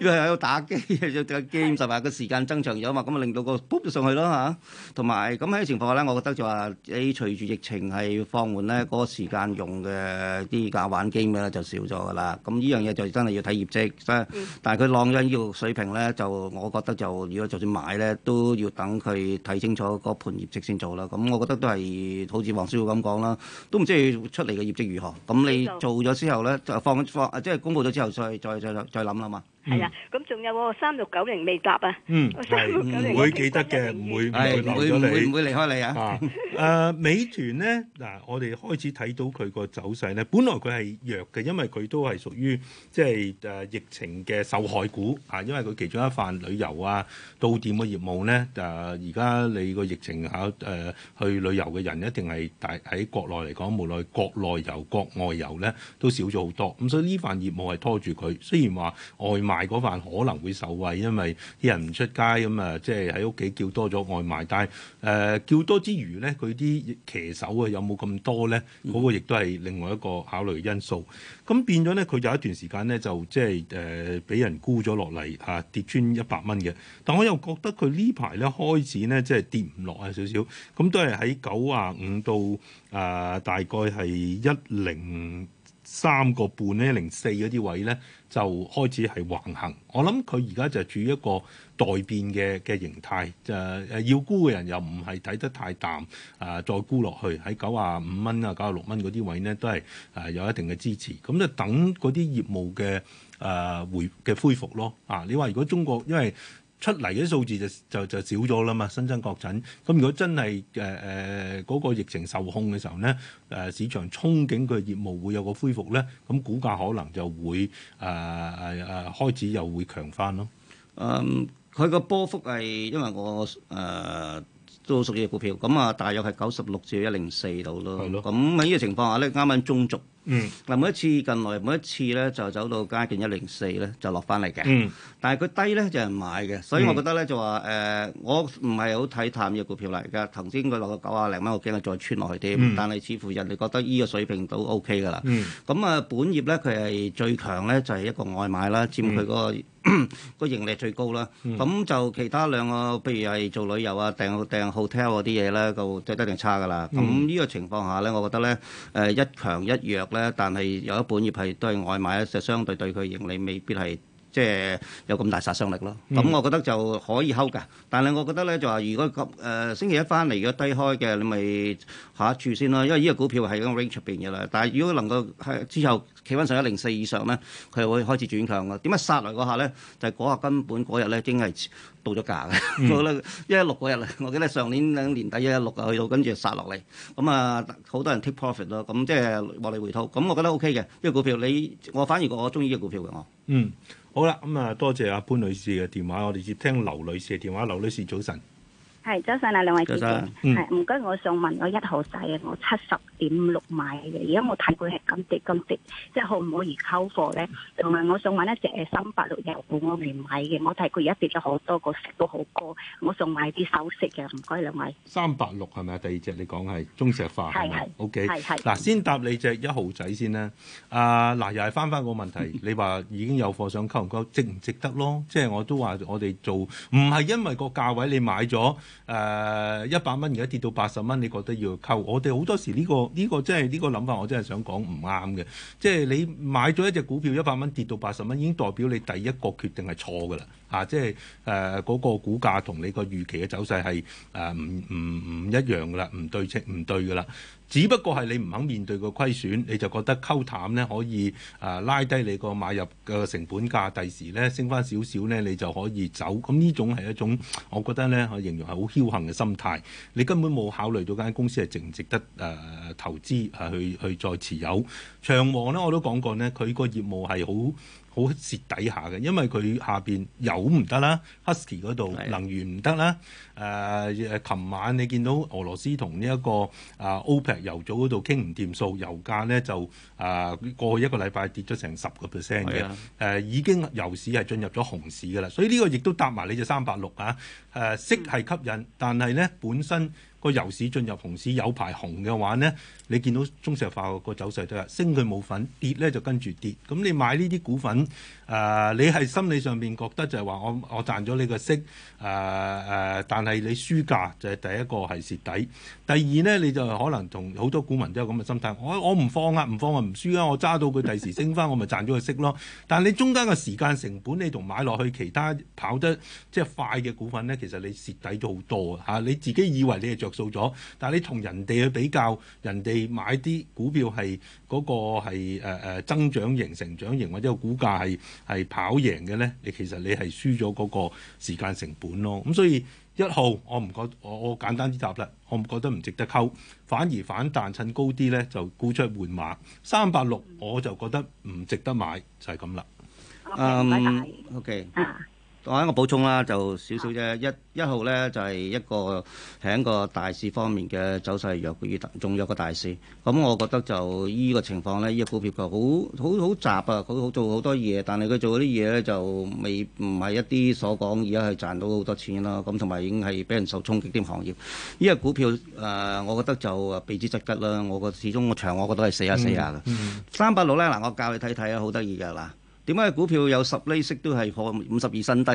B: 因為喺度打機，又打機咁上下嘅時間增長咗嘛，咁啊 令到個 boom 咗上去咯嚇。同埋咁喺啲情況下咧，我覺得就話呃隨住疫情係放緩咧，嗰、嗰個時間用嘅啲假玩機咧就少咗噶啦。咁呢樣嘢就真係要睇業績。但係佢浪咗呢個水平咧，就我覺得就如果就算買咧，都要等佢睇清楚嗰盤業績先做啦。咁我覺得都係好似黃師傅咁講啦，都唔知佢出嚟嘅業績如何。咁你做咗之後咧就。放放啊！即係公布咗之後再，再再再再諗啦嘛。係啊，咁
D: 仲有喎三六九零未答啊？嗯，唔
A: 會記得嘅，唔會，係會唔會離開你啊？誒，美團咧嗱，我哋開始睇到佢個走勢咧，本來佢係弱嘅，因為佢都係屬於即係誒疫情嘅受害股啊，因為佢其中一範旅遊啊、到店嘅業務咧，誒而家你個疫情下誒去旅遊嘅人一定係大喺國內嚟講，無論國內遊、國外遊咧都少咗好多，咁所以呢範業務係拖住佢。雖然話外賣。大嗰飯可能會受惠，因為啲人唔出街咁啊，即係喺屋企叫多咗外賣。但係誒、呃、叫多之餘咧，佢啲騎手啊有冇咁多咧？嗰、那個亦都係另外一個考慮因素。咁變咗咧，佢有一段時間咧就即係誒俾人沽咗落嚟，跌穿一百蚊嘅。但我又覺得佢呢排咧開始咧即係跌唔落啊少少，咁都係喺九啊五到啊、呃、大概係一零。三個半呢零四嗰啲位咧就開始係橫行，我諗佢而家就處於一個待變嘅嘅形態，誒誒要沽嘅人又唔係睇得太淡，啊、呃、再沽落去喺九啊五蚊啊九啊六蚊嗰啲位咧都係誒、呃、有一定嘅支持，咁就等嗰啲業務嘅誒、呃、回嘅恢復咯，啊你話如果中國因為。出嚟嘅數字就就就少咗啦嘛，新增確診，咁如果真係誒誒嗰個疫情受控嘅時候咧，誒、呃、市場憧憬佢業務會有個恢復咧，咁股價可能就會誒誒、呃啊、開始又會強
B: 返咯。嗯、呃，佢個波幅係因為我誒、呃、都屬嘅股票咁啊，大約係九十六至一零四度咯。係咯的。咁喺呢個情況下咧，啱啱中續。嗯，嗱，每一次近來，每一次咧就走到加建一零四咧就落翻嚟嘅，嗯、但係佢低咧就人、是、買嘅，所以我覺得咧就話誒、呃，我唔係好睇淡嘅股票嚟㗎。頭先佢落個九啊零蚊，我驚佢再穿落去啲，嗯、但係似乎人哋覺得依個水平都 OK 㗎啦。咁啊、嗯，本業咧佢係最強咧就係、是、一個外賣啦，佔佢嗰個、嗯。個咳咳盈利最高啦，咁、嗯、就其他兩個，譬如係做旅遊啊、訂訂 hotel 嗰啲嘢咧，就一定差噶啦。咁呢、嗯、個情況下咧，我覺得咧，誒一強一弱咧，但係有一本業係都係外賣，就相對對佢盈利未必係，即係有咁大殺傷力咯，咁、嗯、我覺得就可以 hold 噶。但係我覺得咧就話，如果咁誒、呃、星期一翻嚟如果低開嘅，你咪下一注先咯。因為依個股票係咁 range 入邊嘅啦。但係如果能夠之後企返上一零四以上咧，佢會開始轉強嘅。點解殺落嗰下咧？就係嗰下根本嗰日咧已經係到咗價嘅。嗯、 我覺得一一六嗰日啦，我記得上年年底一一六啊去到，跟住就殺落嚟。咁、嗯、啊，好多人 take profit 咯，咁、嗯、即係獲利回吐。咁我覺得 O K 嘅，呢、呢個股票你我反而我中意呢個股票嘅我。嗯。好啦，咁啊，多謝阿
A: 潘女士嘅電話，我哋接聽劉女士嘅電話，劉女士早晨。
C: 係，早晨啊兩位先生，係唔該，我想問我一號仔，我七十點六買嘅，而家我睇佢係咁跌咁跌，即係可唔可以溝貨咧？同埋我想問一隻係三百六嘅股我未買嘅，我睇佢而家跌咗好多，個息都好高，我想買啲首飾嘅，唔該兩位。
A: 三百六係咪啊？第二隻你講係中石化係咪？O K，係係嗱，先答你隻一號仔先啦。啊嗱，又係返返個問題，你話已經有貨想溝唔溝，值唔值得咯？即係我都話我哋做唔係因為個價位你買咗。誒一百蚊而家跌到八十蚊，你覺得要溝？我哋好多時呢、這個呢、這個真係呢、這個諗法，我真係想講唔啱嘅。即係你買咗一隻股票一百蚊跌到八十蚊，已經代表你第一個決定係錯㗎啦。嚇、啊！即係誒嗰個股價同你個預期嘅走勢係誒唔唔唔一樣㗎啦，唔對稱唔對㗎啦。只不過係你唔肯面對個虧損，你就覺得溝淡呢，可以啊拉低你個買入嘅成本價，第時呢升翻少少呢，你就可以走。咁呢種係一種，我覺得咧，形容係好僥倖嘅心態。你根本冇考慮到間公司係值唔值得誒、呃、投資誒去去再持有。長和呢，我都講過呢，佢個業務係好好蝕底下嘅，因為佢下邊有唔得啦，Husky 嗰度能源唔得啦。誒誒，琴、uh, 晚你見到俄羅斯同呢一個啊、uh, OPEC 油組嗰度傾唔掂數，油價呢就啊、uh, 過去一個禮拜跌咗成十個 percent 嘅，誒、啊 uh, 已經油市係進入咗熊市噶啦，所以呢個亦都搭埋你隻三百六啊，誒息係吸引，但係呢本身個油市進入熊市有排熊嘅話呢，你見到中石化個走勢都係升佢冇份，跌咧就跟住跌，咁你買呢啲股份。誒，uh, 你係心理上面覺得就係話我我賺咗你個息誒誒，uh, uh, 但係你輸價就係第一個係蝕底，第二呢，你就可能同好多股民都有咁嘅心態，我我唔放啊唔放啊唔輸啊，我揸到佢第時升翻，我咪賺咗個息咯。但係你中間嘅時間成本你同買落去其他跑得即係快嘅股份呢，其實你蝕底咗好多啊，你自己以為你係着數咗，但係你同人哋去比較，人哋買啲股票係嗰個係誒增長型、成長型或者個股價係係跑贏嘅呢，你其實你係輸咗嗰個時間成本咯。咁、嗯、所以一號我唔覺，我覺得我，我簡單啲答啦，我唔覺得唔值得溝，反而反彈趁高啲呢，就沽出換馬。三百
B: 六我就覺得唔值得買，就係咁啦。嗯，OK。我一個補充啦，就少少啫。一一號咧就係、係、一個喺個大市方面嘅走勢弱於仲弱個大市。咁我覺得就依個情況咧，呢個股票就好好好雜啊，佢好做好多嘢，但係佢做嗰啲嘢咧就未唔係一啲所講而家係賺到好多錢咯。咁同埋已經係俾人受衝擊啲行業。呢個股票誒，我覺得就啊避之則吉啦。我覺得始終個場，我覺得係死下死下啦，三百六咧嗱，我教你睇睇啊，好得意噶嗱。點解股票有十釐息都係破五十二新低？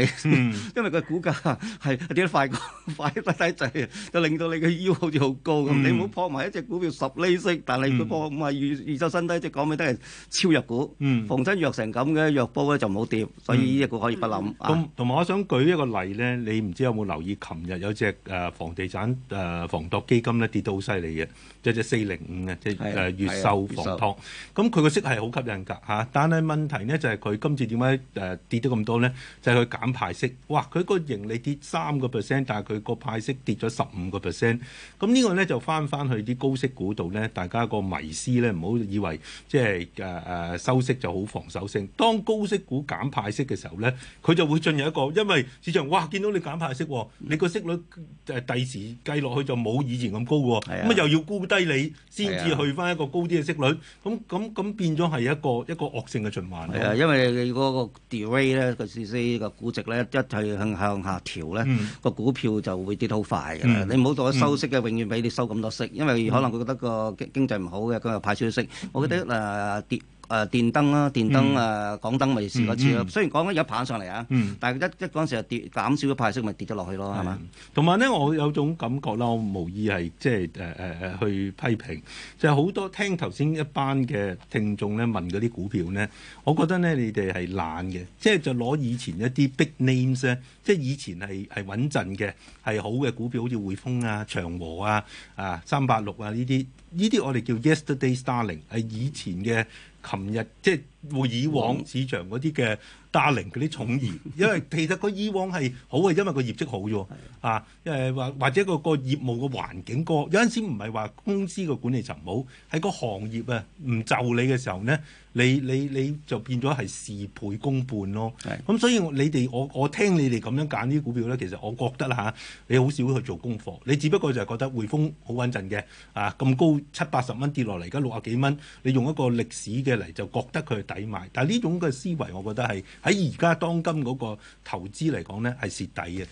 B: 因為佢個股價係跌得快，快得滯，就令到你嘅腰好似好高咁。你唔好破埋一隻股票十釐息，但係佢破五啊二二週新低，即係講咩都係超弱股。逢親弱成咁嘅弱波咧就唔好跌，所以呢隻股可以不諗。
A: 咁同埋我想舉一個例咧，你唔知有冇留意？琴日有隻誒房地產誒房託基金咧跌到好犀利嘅，就隻四零五嘅，即係誒越秀房託。咁佢個息係好吸引㗎嚇，但係問題咧就係。佢今次點解誒跌得咁多咧？就係佢減派息。哇！佢個盈利跌三個 percent，但係佢個派息跌咗十五個 percent。咁呢個咧就翻翻去啲高息股度咧，大家個迷思咧，唔好以為即係誒誒收息就好防守性。當高息股減派息嘅時候咧，佢就會進入一個，因為市場哇見到你減派息喎，你個息率誒第時計落去就
B: 冇以前咁高
A: 喎。係啊。咁啊又要
B: 沽低你先至去翻一個
A: 高啲嘅息率。係啊。咁咁咁變咗係一個一個惡性嘅循環。係啊，因
B: 為你嗰個 delay 咧，個市市個股值咧一係向向下調咧，個、嗯、股票就會跌好快嘅。嗯、你唔好當收息嘅，嗯、永遠俾你收咁多息，因為可能佢覺得個經經濟唔好嘅，佢又派少息。我覺得誒、嗯呃、跌。誒電燈啦、啊，電燈啊，港燈未試過次咯。嗯嗯、雖然講緊有一棒上嚟啊，嗯、但係一一嗰陣時又跌，減少咗派息咪跌咗落去咯，係嘛？同埋咧，我有種感覺啦，我無
A: 意係即係誒誒誒去批評，就係、是、好多聽頭先一班嘅聽眾咧問嗰啲股票咧，我覺得咧你哋係懶嘅，即係就攞、是、以前一啲 big names 咧，即係以前係係穩陣嘅，係好嘅股票，好似匯豐啊、長和啊、啊三八六啊呢啲，呢啲我哋叫 yesterday's darling 係以前嘅。琴日即。會以往市場嗰啲嘅大玲嗰啲寵兒，因為其實佢以往係好嘅，因為個業績好啫喎。的啊，誒或或者個個業務個環境個有陣時唔係話公司個管理層好，喺個行業啊唔就你嘅時候呢，你你你就變咗係事倍功半咯。咁的，所以你哋我我聽你哋咁樣揀啲股票咧，其實我覺得嚇、啊、你好少去做功課，你只不過就係覺得匯豐好穩陣嘅啊，咁高七八十蚊跌落嚟，而家六十幾蚊，你用一個歷史嘅嚟就覺得佢。抵買，但係呢種嘅思維，我覺得係喺而家當今嗰個
B: 投資嚟講咧，係蝕底嘅。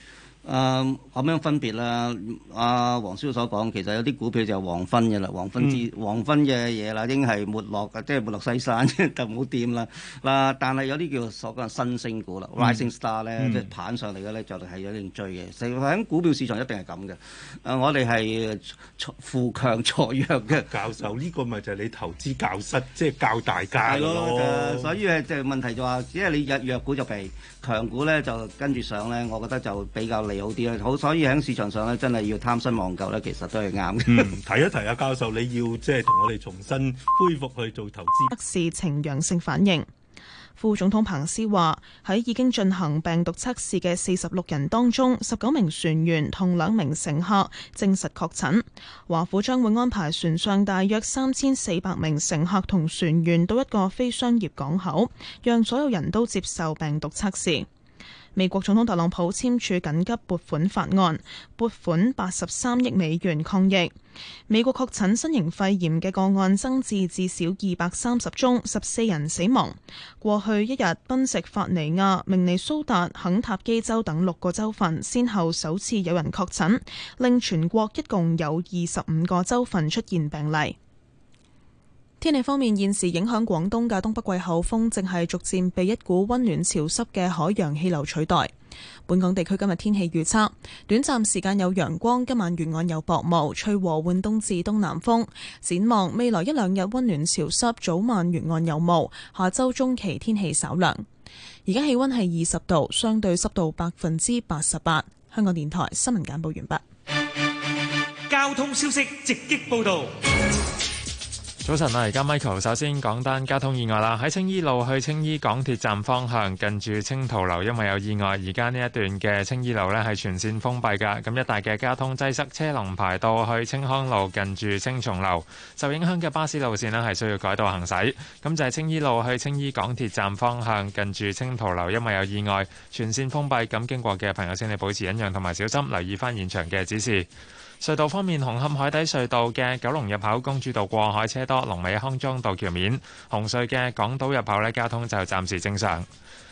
B: 啊咁樣分別啦，阿、啊、黃超所講，其實有啲股票就黃昏嘅啦，黃昏之、嗯、黃昏嘅嘢啦，已經係沒落嘅，即、就、係、是、沒落西山就唔好掂啦。嗱， 但係有啲叫所講新星股啦、嗯、，rising star 咧，即係爬上嚟嘅咧，就係有啲追嘅。成日喺股票市場一定係咁嘅。啊、呃，我哋係富強財弱嘅。教授呢、呢個咪就係你投資教室，即、就、係、是、
A: 教大家。係咯、 呃，所
B: 以即係問題就話、是，只係你日弱股就避，強股咧就跟住上咧，我覺得就比較。係好啲啦，好，所以喺市場上咧，真係要貪新忘舊咧，其實都係啱
A: 嘅。提一提啊，教授，你要即係同我哋重新恢復去做投資。測
F: 試呈陽性反應，副總統彭斯話：喺已經進行病毒測試嘅四十六人當中，十九名船員同兩名乘客證實確診。華府將會安排船上大約三千四百名乘客同船員到一個非商業港口，讓所有人都接受病毒測試。美國總統特朗普簽署緊急撥款法案，撥款八十三億美元抗疫。美國確診新型肺炎嘅個案增至至少二百三十宗，十四人死亡。過去一日，賓夕法尼亞、明尼蘇達、肯塔基州等六個州份先後首次有人確診，令全國一共有二十五個州份出現病例。天氣方面，現時影響廣東嘅東北季候風正係逐漸被一股溫暖潮濕嘅海洋氣流取代。本港地區今日天氣預測：短暫時間有陽光，今晚沿岸有薄霧，吹和緩東至東南風。展望未來一兩日溫暖潮濕，早晚沿岸有霧。下週中期天氣稍涼。而家氣溫係二十度，相對濕度百分之八十八。香港電台新聞簡報完畢。
E: 交通消息直擊報道。
G: 早晨啊，而家 Michael 首先講單交通意外啦。喺青衣路去青衣港鐵站方向，近住青桃樓，因為有意外，而家呢一段嘅青衣路呢，係全線封閉噶。咁一帶嘅交通擠塞，車龍排到去青康路近住青松樓，受影響嘅巴士路線呢，係需要改道行駛。咁就係青衣路去青衣港鐵站方向，近住青桃樓，因為有意外，全線封閉。咁經過嘅朋友，請你保持忍讓同埋小心，留意翻現場嘅指示。隧道方面，紅磡海底隧道嘅九龍入口公主道過海車多，龍尾康莊道橋面；紅隧嘅港島入口咧，交通就暫時正常。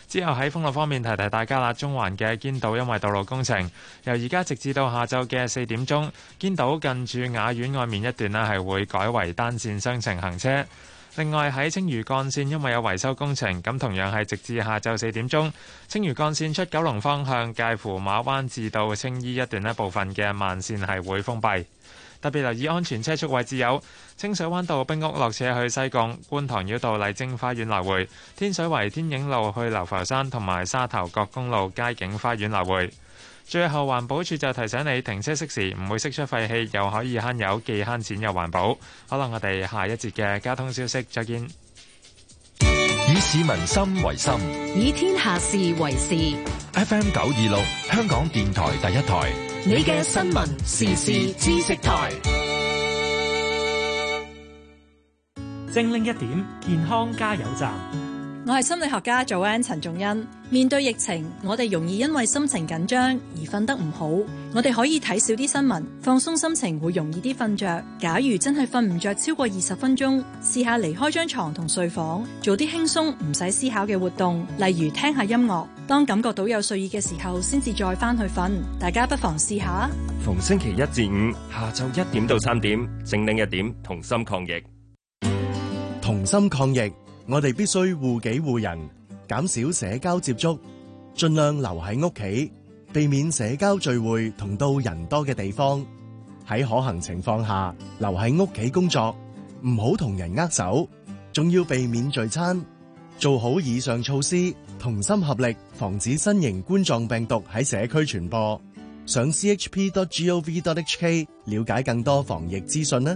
G: 之後喺封路方面，提提大家啦，中環嘅堅道因為道路工程，由而家直至到下晝嘅四點鐘，堅道近住雅苑外面一段咧係會改為單線雙程行車。另外喺青嶼幹線，因為有維修工程，咁同樣係直至下晝四點鐘，青嶼幹線出九龍方向介乎馬灣至到青衣一段一部分嘅慢線係會封閉。特別留意安全車速位置有清水灣道冰屋落斜去西貢、觀塘繞道麗晶花園來回、天水圍天影路去流浮山同埋沙頭角公路街景花園來回。最後，環保署就提醒你，停車熄匙唔會釋出廢氣，又可以慳油，既慳錢又環保。好啦，我哋下一節嘅交通消息，再見。以市民心為心，
F: 以天下事為事。
E: F M 九二六，香港電台第一台。
F: 你嘅新聞時事知識
E: 台，精靈一點，健
F: 康加油站。我係心理學家 Joanne 陳仲恩。面對疫情，我哋容易因為心情緊張而瞓得唔好。我哋可以睇少啲新聞，放鬆心情會容易啲瞓着。假如真係瞓唔着，超過二十分鐘，試下離開張床同睡房，做啲輕鬆唔使思考嘅活動，例如聽下音樂。當感覺到有睡意嘅時候，先至再翻去瞓。大家不妨試下。
G: 逢星期一至五下晝一點到三點，精靈一點，同心抗疫。
H: 同心抗疫。我哋必須護己護人，減少社交接觸，盡量留喺屋企，避免社交聚會同到人多嘅地方。喺可行情況下，留喺屋企工作，唔好同人握手，仲要避免聚餐。做好以上措施，同心合力，防止新型冠狀病毒喺社區傳播。上 chp.gov.hk 了解更多防疫資訊啦。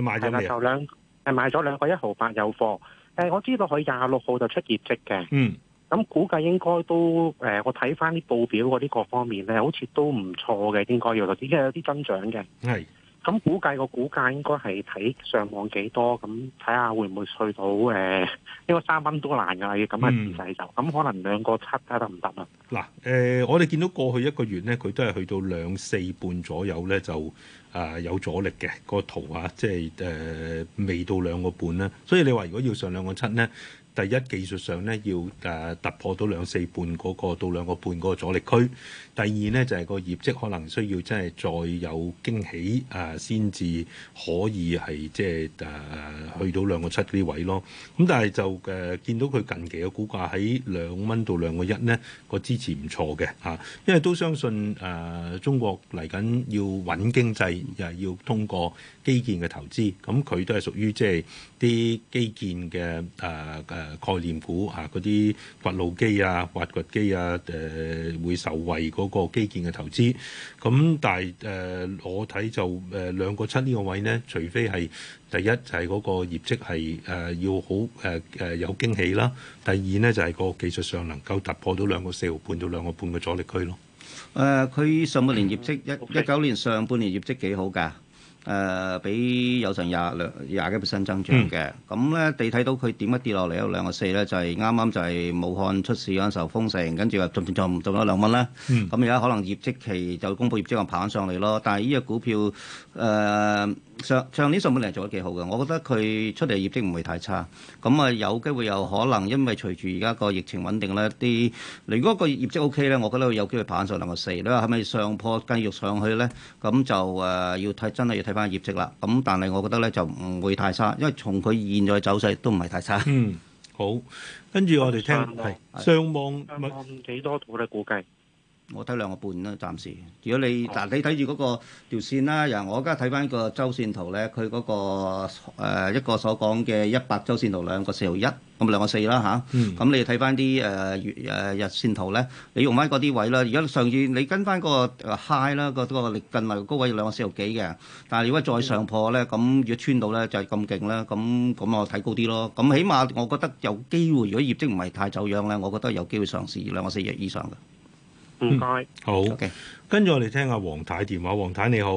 I: 係啦，頭兩係買咗兩個，個一毫八有貨。誒、呃，我知道佢廿六號就出業績嘅。嗯，咁估計應該都誒、呃，我睇翻啲報表嗰啲各方面咧，好似都唔錯嘅，應該要，而且有啲增長嘅。係。咁估計個股價應該係睇上望幾多，咁睇下會唔會去到誒呢、呃這個三蚊都難㗎啦，要咁嘅唔使就，咁、呃嗯、可能兩個七得唔得啊？嗱、啊，誒、嗯
A: 呃、我哋見到過去一個月咧，佢都係去到兩四半左右咧，就啊、呃、有阻力嘅、那個圖啊，即係誒未到兩個半啦，所以你話如果要上兩個七咧？第一技術上咧要誒、啊、突破到兩四半嗰個到兩個半嗰個阻力區，第二咧就係、是、個業績可能需要真係再有驚喜誒先至可以係即係誒去到兩個七呢位咯。咁但係就誒、啊、見到佢近期嘅股價喺兩蚊到兩個一咧個支持唔錯嘅嚇，因為都相信誒、啊、中國嚟緊要揾經濟又、啊、要通過基建嘅投資，咁、啊、佢都係屬於即係。就是啲基建嘅誒誒概念股啊，嗰啲掘路機啊、挖掘機啊，誒會受惠嗰個基建嘅投資。咁但係誒我睇就誒兩個七呢個位咧，除非係第一就係、是、嗰個業績係誒要好誒誒、啊、有驚喜啦。第二咧就係、是、個技術上能夠突破到兩個四毫半到兩個半嘅阻力區咯。誒、
B: 呃，佢上半年業績，Okay. 一一九年上半年業績幾好㗎。誒，俾、呃、有成廿兩廿幾 percent 增長嘅，咁咧你睇到佢點一跌落嚟，有兩個四咧，就係啱啱就係武漢出事嗰陣時候封城，跟住話仲仲仲落兩蚊啦。咁而家可能業績期就公布業績又爬緊上嚟咯，但係依隻股票誒。呃上上年上半年做得幾好嘅，我覺得佢出嚟嘅業績唔會太差，咁啊有機會有可能因為隨住而家個疫情穩定咧，啲，如果個業績 OK 咧，我覺得有機會有機會彈上。能夠四，你話係咪上破繼續上去咧？咁就誒要睇，真係要睇返業績啦。咁但係我覺得咧就唔會太差，因為從佢現在走勢都唔係太差。嗯，好，跟住我哋聽上網按幾多度咧估計？我睇兩個半啦，暫時。如果你嗱，哦、你睇住嗰個條線啦，又我而家睇翻個周線圖咧，佢嗰、那個、呃、一個所講嘅一百周線圖兩個四毫一，咁兩個四啦吓，咁、啊嗯、你睇翻啲誒誒日線圖咧，你用翻嗰啲位啦。如果上次你跟翻嗰、那個 high 啦，個個力近來高位要兩個四毫幾嘅。但係如果再上破咧，咁、嗯、如果穿到咧就係咁勁啦。咁咁我睇高啲咯。咁起碼我覺得有機會，如果業績唔係太走樣咧，我覺得有機會上市兩個四月以上嘅。唔該、嗯，好。跟住 Okay. 我哋聽下黃太電話。黃太你
A: 好，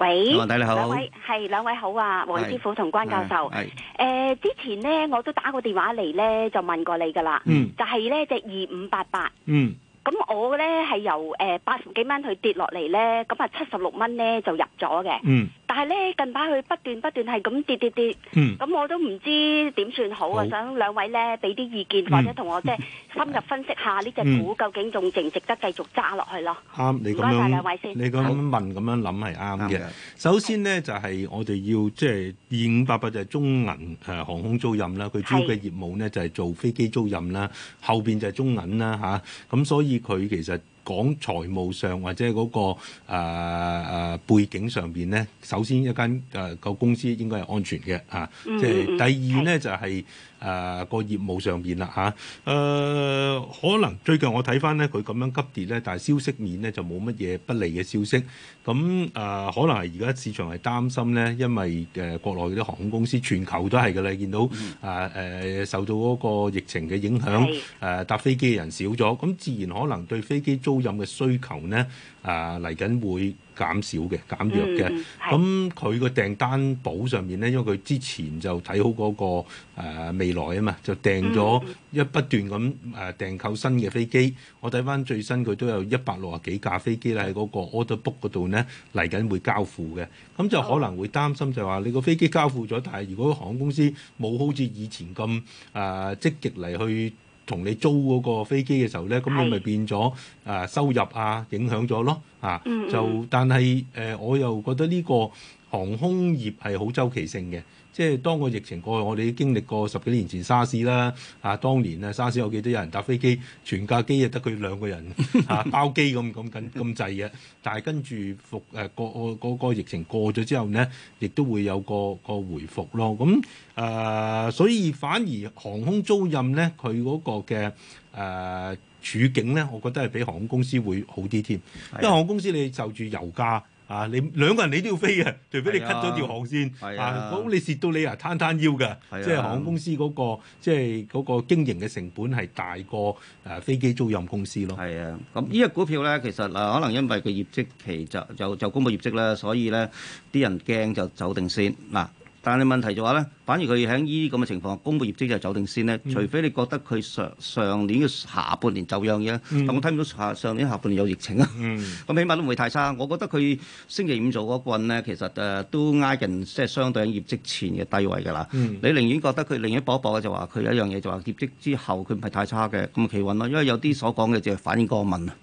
C: 喂，黃太你好，兩位係兩位好啊，黃師傅同關教授。係，誒、呃，之前呢，我都打過電話嚟呢，就問過你㗎喇。嗯，就係呢隻二五八八。嗯。咁我咧係由誒八十幾蚊去跌落嚟咧，咁啊七十六蚊咧就入咗嘅。嗯。嗯，但係咧近排佢不斷不斷係咁跌跌跌。咁我都唔知點算好啊！好想兩位咧俾啲意見，嗯、或者同我即係深入分析下呢隻股、嗯、究竟仲值唔值得繼續揸落去咯？
A: 啱、嗯，你講兩位先，你咁問咁樣諗係啱嘅。嗯、首先咧就係我哋要即係二五八八就係、是、中銀誒航空租賃啦，佢主要嘅業務咧就係做飛機租賃啦，後邊就係中銀啦吓，咁、啊啊、所以。佢其實講財務上或者嗰個誒誒背景上邊咧，首先一間誒個公司應該係安全嘅啊，即係第二咧就係。誒、啊、個業務上邊啦嚇，誒、啊、可能最近我睇翻咧，佢咁樣急跌咧，但係消息面咧就冇乜嘢不利嘅消息。咁、啊、誒可能係而家市場係擔心咧，因為誒、呃、國內啲航空公司全球都係嘅啦，見到誒誒、啊呃、受到嗰個疫情嘅影響，誒、啊、搭飛機嘅人少咗，咁、啊、自然可能對飛機租賃嘅需求咧誒嚟緊會減少嘅減弱嘅，咁佢個訂單簿上面咧，因為佢之前就睇好嗰、嗰個、呃、未來啊嘛，就訂咗一不斷咁誒訂購新嘅飛機。我睇翻最新佢都有一百六十幾架飛機啦，喺嗰個 order book 嗰度咧嚟緊會交付嘅，咁就可能會擔心就話你個飛機交付咗，但係如果航空公司冇好似以前咁誒、呃、積極嚟去。同你租嗰個飛機嘅時候咧，咁你咪變咗誒、啊、收入啊影響咗咯啊，就但係誒、呃、我又覺得呢個航空業係好周期性嘅。即係當個疫情過去，我哋經歷過十幾年前沙士啦，啊，當年啊沙士，我記得有人搭飛機，全架機又得佢兩個人 啊包機咁咁緊咁滯嘅。 但係跟住復誒個個個疫情過咗之後咧，亦都會有個個回復咯。咁、啊、誒，所以反而航空租賃咧，佢嗰個嘅誒、啊、處境咧，我覺得係比航空公司會好啲添。因為航空公司你受住油價。啊！你兩個人你都要飛嘅，除非你 cut 咗條航線啊！咁、啊、你蝕、啊啊、到你啊，攤攤腰嘅，啊、即係航空公司嗰、那個即係嗰個經營嘅成本係大過誒飛機租賃公
B: 司咯。係啊，咁呢隻股票咧，其實啊，可能因為佢業績期就就就公布業績啦，所以咧啲人驚就走定先嗱。但係問題就話咧。反而佢喺依啲咁嘅情況，公布業績就走定先咧。嗯、除非你覺得佢上上年嘅下半年走樣嘢，嗯、但我睇唔到上上年下半年有疫情啊。咁、嗯、 起碼都唔會太差。我覺得佢星期五做嗰棍咧，其實誒、呃、都挨近即係相對喺業績前嘅低位㗎啦。嗯、你寧願覺得佢寧願搏一搏嘅就話佢有一樣嘢就話業績之後佢唔係太差嘅咁企穩咯。因為有啲所講嘅就係反應過敏啊。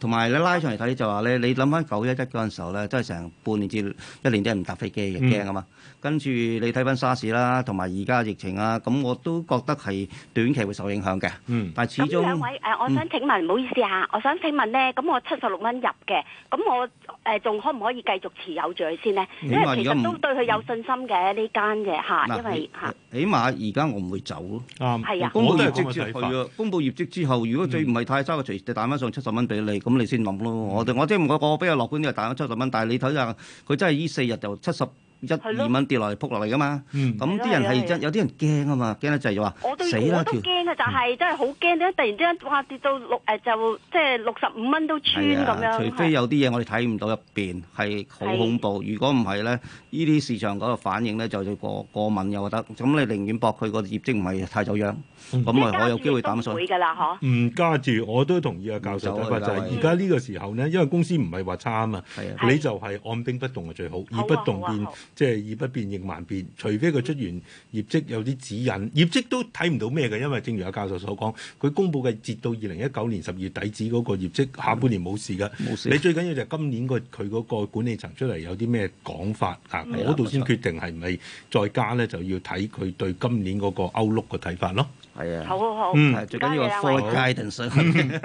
B: 同埋、嗯、你拉上嚟睇就話咧，你諗翻九一一嗰陣時候咧，真係成半年至一年啲人唔搭飛機嘅，驚啊嘛。跟住你睇翻沙士啦。啊，同埋而家疫情啊，咁我都覺得係短期會受影響嘅。嗯，但係始終兩位誒，我想
C: 請問，唔好意思啊，我想請問咧，咁我七十六蚊入嘅，咁我誒仲可唔可以繼續持有住佢先咧？因為其實都對佢有信心嘅呢間嘅嚇，因為嚇。
B: 起碼而家我唔會走咯。啱，係啊，公布業績之公布業績之後，如果最唔係太差嘅，隨時打翻上七十蚊俾你，咁你先諗咯。我哋我即係我比較樂觀啲，打翻七十蚊。但係你睇下，佢真係呢四日就七十。一 1, 的二蚊跌落嚟，撲落嚟噶嘛，咁啲人係真有啲人驚啊嘛，驚得滯又話死啦了！條，我都驚啊，就係真係好驚，突然之間哇
C: 跌到六誒就即係六十五蚊都穿咁的樣？除非
B: 有啲嘢我哋睇唔到入邊係好恐怖，如果唔係咧，呢啲市場嗰個反應咧就會過過敏又覺得，咁你寧願搏佢個業績唔係太走樣。咁咪我有機會減水㗎啦，嗬、嗯？唔加住，我都
A: 同意阿教授睇法，就係而家呢個時候咧，嗯、因為公司唔係話差啊嘛。係啊，你就係按兵不動係最好，以、啊、不動變，即係以不變應萬變。除非佢出完業績有啲指引，業績都睇唔到咩嘅，因為正如阿教授所講，佢公布嘅截到二零一九年十二月底止嗰個業績，下半年冇事㗎。冇、嗯、事、啊。你最緊要就係今年個佢嗰個管理層出嚟有啲咩講法啊？嗰度先決定係咪再加咧，就要睇佢對今年嗰個 outlook 嘅睇法咯。係啊，好好好，嗯，最緊要係 forward guidance。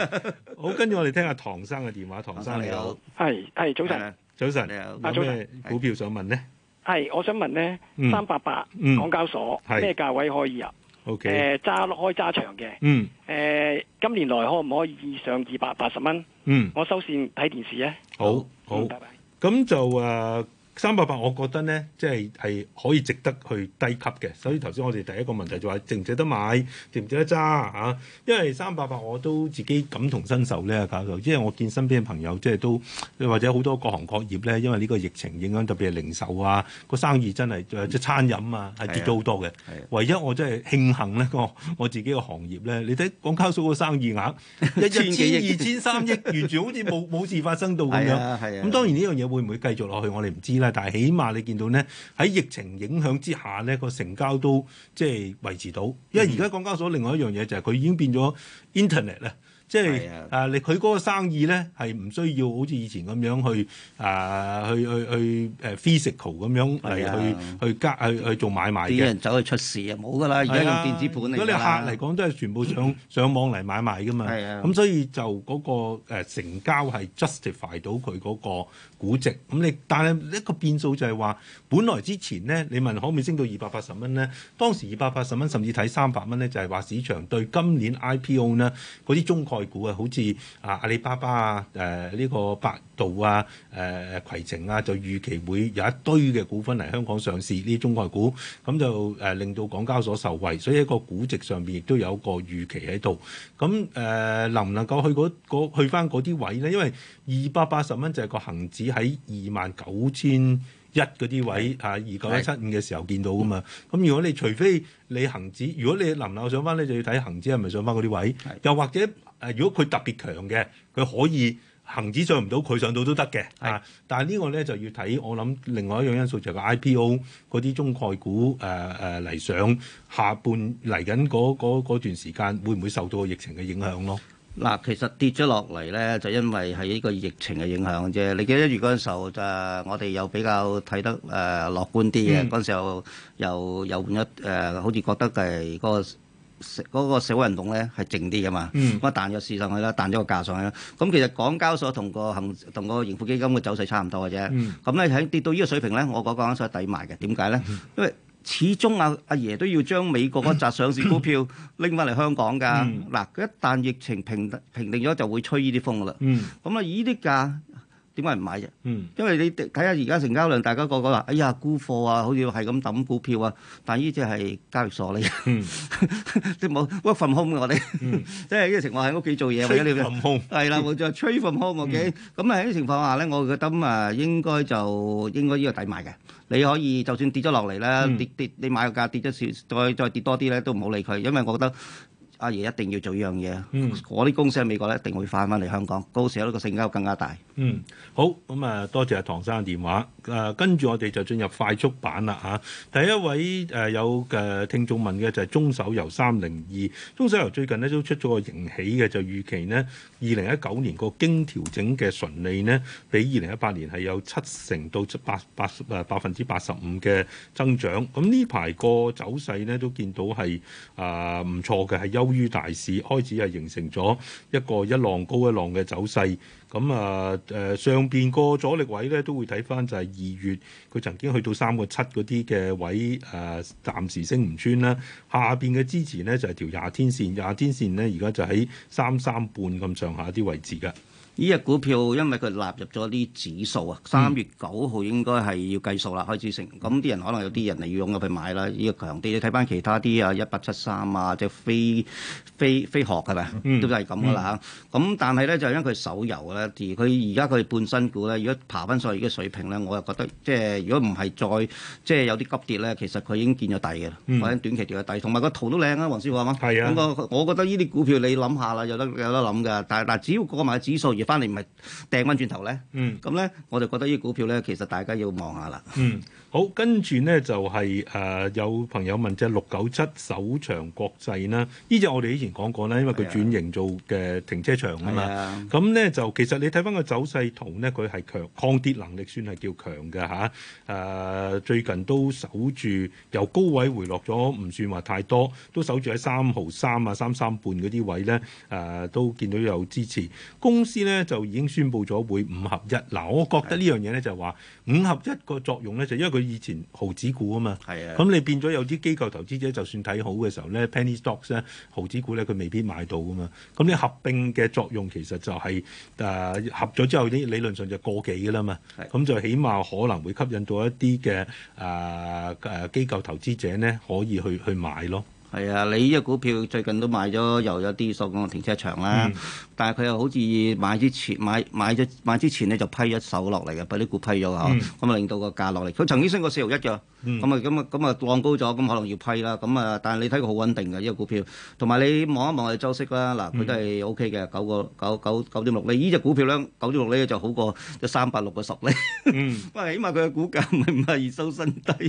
A: 好跟住我哋聽下唐生嘅電話。唐生你好，係，係早晨，早晨，你有咩股票想問咧？
I: 係我想問咧，三八八港交所咩價位可以入？O K，誒揸開揸長嘅，誒今年來可唔可以以上二百八十蚊？Okay, 嗯，嗯，我收線睇電視咧。
A: 好，好，拜拜。咁就誒。三百八，我覺得咧，即係係可以值得去低級嘅。所以頭先我哋第一個問題就話，值唔值得買，值唔值得揸啊？因為三百八我都自己感同身受咧，教授，因為我見身邊嘅朋友即係都，或者好多各行各業咧，因為呢個疫情影響，特別係零售啊，個生意真係即係餐飲啊，係跌咗好多嘅。唯一我真係慶幸咧，個我自己嘅行業咧，你睇港交所個生意額，二千二千三億，完全好似冇冇事發生到咁樣。咁當然呢樣嘢會唔會繼續落去，我哋唔知啦。但係，起碼你見到咧，喺疫情影響之下咧，個成交都即係維持到，因為而家港交所另外一樣嘢就係佢已經變咗 Internet 咧。即係啊！你佢嗰個生意咧係唔需要好似以前咁樣去啊，去去去誒 physical 咁樣嚟去去加去、哎、呀去做買賣嘅。啲人走去出事就啊，冇㗎啦！而家用電子盤嚟㗎。如果你客嚟講都係全部上 上網嚟買賣㗎嘛。咁、啊、所以就嗰個成交係 justify 到佢嗰個估值。咁你但係一個變數就係話，本來之前咧，你問可唔可以升到二百八十蚊咧？當時二百八十蚊甚至睇三百蚊咧，就係、是、話市場對今年 IPO 咧嗰啲中國外股啊，好似啊阿里巴巴啊，誒、呃、呢、這個百度啊，誒、呃、攜程啊，就預期會有一堆嘅股份嚟香港上市呢啲中概股，咁、嗯、就誒、呃、令到港交所受惠，所以一個估值上邊亦都有個預期喺度。咁、嗯、誒、呃、能唔能夠去嗰、那、嗰、個、去翻嗰啲位咧？因為二百八十蚊就係個恒指喺二萬九千一嗰啲位、嗯、啊，二九一七五嘅時候見到噶嘛。咁、嗯嗯、如果你除非你恒指，如果你能唔能夠上翻，咧，就要睇恒指係咪上翻嗰啲位，又或者？誒，如果佢特別強嘅，佢可以恆指上唔到，佢上到都得嘅。是啊，但係呢個咧就要睇，我諗另外一樣因素就係個 IPO 嗰啲中概股誒誒嚟上下
B: 半嚟緊嗰段時間會唔會受到疫情嘅影響咯？嗱，其實跌咗落嚟咧，就因為係呢個疫情嘅影響啫。你記得一月嗰陣時候，就我哋又比較睇得誒樂觀啲嘅嗰陣時候，又有換一誒，好似覺得係嗰個嗰個社會運動咧係靜啲嘅嘛，咁一、嗯、彈咗市上去啦，彈咗個價上去啦。咁其實港交所同、那個行同個盈富基金嘅走勢差唔多嘅啫。咁咧喺跌到呢個水平咧，我講港交所係抵埋嘅。點解咧？因為始終阿、啊、阿爺都要將美國嗰紮上市股票拎翻嚟香港㗎。嗱、嗯，佢一旦疫情平平定咗，就會吹呢啲風㗎啦。咁啊、嗯，呢啲價。點解唔買啫？因為你睇下而家成交量，大家個個話：哎呀，沽貨啊，好似係咁抌股票啊。但呢只係交易所嚟嘅，都冇 work from home 嘅我哋。即係呢個情況喺屋企做嘢或者你係啦，冇錯，吹 from home okay。咁喺呢情況下咧，我覺得啊應該就應該呢個抵買嘅。你可以就算跌咗落嚟啦，跌跌你買個價跌咗少，再再跌多啲咧都唔好理佢，因為我覺得。阿、啊、爺一定要做呢樣嘢，嗯，啲公司喺美國咧一定會返翻嚟香港，嗰時呢個成交更加大。嗯，好，咁、嗯、啊，
A: 多謝唐生嘅電話。誒、啊，跟住我哋就進入快速版啦嚇、啊。第一位誒、啊、有誒、啊、聽眾問嘅就係中手游三零二，中手游最近咧都出咗個盈喜嘅，就預期呢。二零一九年個經調整嘅純利呢，比二零一八年係有七成到百百誒百分之八十五嘅增長。咁呢排個走勢呢，都見到係啊唔錯嘅，係優，高於大市，開始係形成咗一個一浪高一浪嘅走勢。咁啊，誒、呃、上邊個阻力位咧都會睇返，就係二月佢曾經去到三個七嗰啲嘅位，誒、呃、暫時升唔穿啦。下邊嘅支持呢，就係、是、條廿天線，廿天線呢，而家就喺三三半咁上下
B: 啲位置嘅。呢隻股票因為佢納入咗啲指數啊，三月九號應該係要計數啦，嗯、開始成。咁啲人可能有啲人嚟用入去買啦，呢個強啲。你睇翻其他啲啊，一八七三啊，即係飛飛飛鶴係咪？嗯。都係咁噶啦嚇。咁但係咧就係、因為佢手遊咧，而佢而家佢半新股咧，如果爬翻上去嘅水平咧，我又覺得即係如果唔係再即係有啲急跌咧，其實佢已經見咗底嘅。嗯。或者短期見咗底，同埋個圖都靚啊，黃師傅係嘛？係是啊、那個。咁我我覺得呢啲股票你諗下啦，有得有得諗㗎。但係但只要過埋指數。翻嚟咪掟翻轉頭咧，嗯，咁咧我就覺得呢股票咧，其實大家要望下啦。嗯。好，跟住呢就係、是、誒、呃、有朋友問即六九七
A: 首長國際啦，呢隻我哋以前講過啦，因為佢轉型做嘅停車場、哎、呀啊嘛。咁呢就其實你睇翻個走勢圖呢，佢係強抗跌能力算係叫強嘅㗎。誒、啊、最近都守住由高位回落咗，唔算話太多，都守住喺三毫三啊、三三半嗰啲位呢，誒、啊、都見到有支持，公司呢就已經宣布咗會五合一。嗱、呃，我覺得呢樣嘢呢，就係話五合一個作用呢，就是、因為佢。以前毫子股啊嘛，咁的你變咗有啲機構投資者就算睇好嘅時候咧的，penny stocks 咧毫子股咧佢未必買到噶嘛，咁你合併嘅作用其實就係、是、誒、呃、合咗之後啲理論上就過幾㗎啦嘛，咁的就起碼可能會吸引到一啲嘅誒誒機構投資者咧可以去去買咯。
B: 係啊，你依隻股票最近都買咗，又有啲所謂嘅停車場啦。但係佢又好似買之前買買咗買之前咧就批一手落嚟嘅，畀啲股批咗嘅嗬。咁啊令到個價落嚟。佢曾經升過四毫一嘅，咁啊咁啊咁啊，浪高咗，咁可能要批啦。咁啊，但係你睇佢好穩定嘅依隻股票。同埋你望一望我哋周息啦，嗱佢都係 O K 嘅，九個九九九點六。你依隻股票咧九點六咧就好過啲三百六個十釐。喂，起碼佢嘅股價唔係唔係收身低，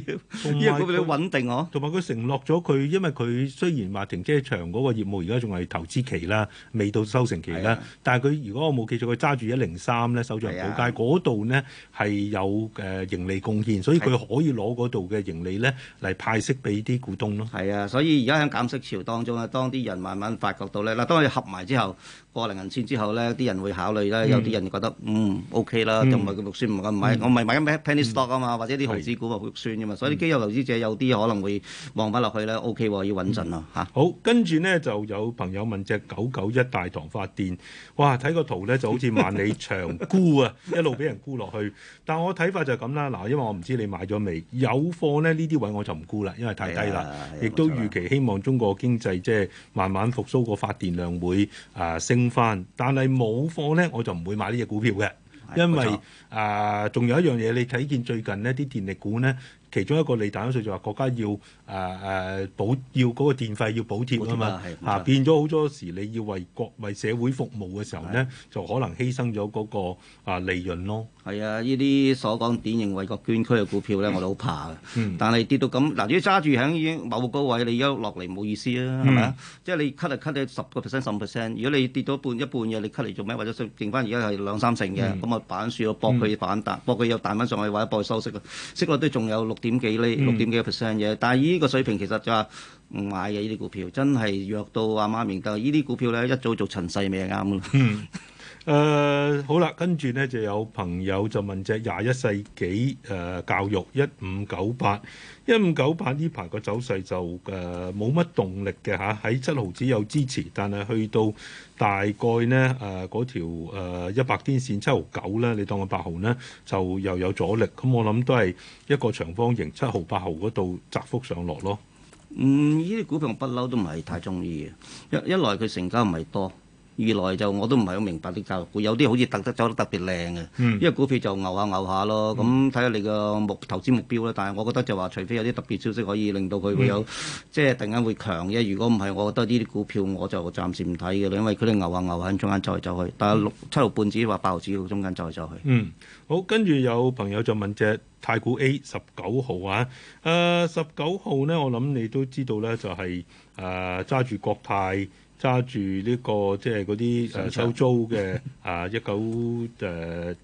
B: 依個股票好穩定
A: 呵。同埋佢承諾咗佢，因為佢。佢雖然話停車場嗰個業務而家仲係投資期啦，未到收成期啦，啊、但係佢如果我冇記錯，佢揸住一零三咧收著寶街嗰度，啊、呢，係有誒盈
B: 利貢獻，所以佢可以攞嗰度嘅盈利咧嚟派息俾啲股東咯。係啊，所以而家喺減息潮當中啊，當啲人慢慢發覺到咧，嗱，當佢合埋之後。過零銀線之後咧，啲人會考慮咧。有啲人覺得嗯，OK 啦，就唔係佢肉酸唔夠買。我咪買緊咩 penny stock 嘛，或者啲紅股喎肉酸嘅嘛。所以啲機構投資者有啲可能會望翻落去咧。OK，要穩陣咯嚇。好，跟住咧就有朋友問隻九九一大唐發電，哇！
A: 睇個圖咧就好似萬里長沽啊，一路俾人沽落去。但我睇法就係咁啦。嗱，因為我唔知你買咗未？有貨咧呢啲位我就唔沽啦，因為太低啦。亦都預期希望中國經濟即係慢慢復甦，個發電量會啊升。翻，但係冇貨咧，我就唔會買呢隻股票嘅，是因為。啊，仲、呃、有一樣嘢，你睇見最近呢啲電力股呢，其中一個利大收稅就話國家要啊啊補要嗰個電費要補貼㗎、啊、嘛，嚇、啊、變咗好多時你要為國為社會服務嘅時候呢，
B: 啊、就可能犧牲咗嗰個啊利潤咯。係啊，呢啲所講典型為國捐軀嘅股票呢，我都好怕、嗯、但係跌到咁嗱、啊，如果揸住喺某個位，你一落嚟冇意思啊，係咪啊？即係、就是、你 cut 啊 cut 啊，十個 percent 十 percent，如果你跌到半一半嘅，你 cut 嚟做咩？或者剩剩翻而家係兩三成嘅，咁啊板樹佢 反彈，不過佢入彈翻上去或者再收息嘅息率都仲有六點幾厘、六點幾 percent 嘅。但係依個水平其實就話唔買嘅依啲股票，真係弱到阿媽明得。依啲股票咧一早做陳世美係啱嘅。
A: 誒、uh, 好啦，跟住呢就有朋友就問隻廿一世紀誒、uh, 教育一五九八一五九八呢排個走勢就誒冇乜動力嘅嚇，喺、uh, 七毫子有支持，但係去到大概呢誒嗰、uh, 條一百、uh, 天線七毫九咧，你當個八毫呢，就又有阻力，咁我諗
B: 都係一個長方形七毫八毫嗰度窄幅上落咯。嗯，呢啲股票我不嬲都唔係太中意，一一來佢成交唔係多。二來就我都唔係好明白啲交易股，有啲好似突得走得特別靚嘅，嗯、因為股票就牛下牛下咯。咁睇下你個目投資目標啦。但係我覺得就話，除非有啲特別消息可以令到佢會有、嗯、即係突然間會強嘅。如果唔係，我覺得呢啲股票我就暫時唔睇嘅啦，因為佢哋牛下牛下，下，中間再走，走去。但係六七毫半子或八毫子嘅中間再走，走去。嗯，好。跟住有朋友就
A: 問隻太古 A 十九號啊。誒、呃，十九號呢，我諗你都知道咧、就是，就係誒揸住國泰。揸住呢個即係嗰啲誒收租嘅啊，一九誒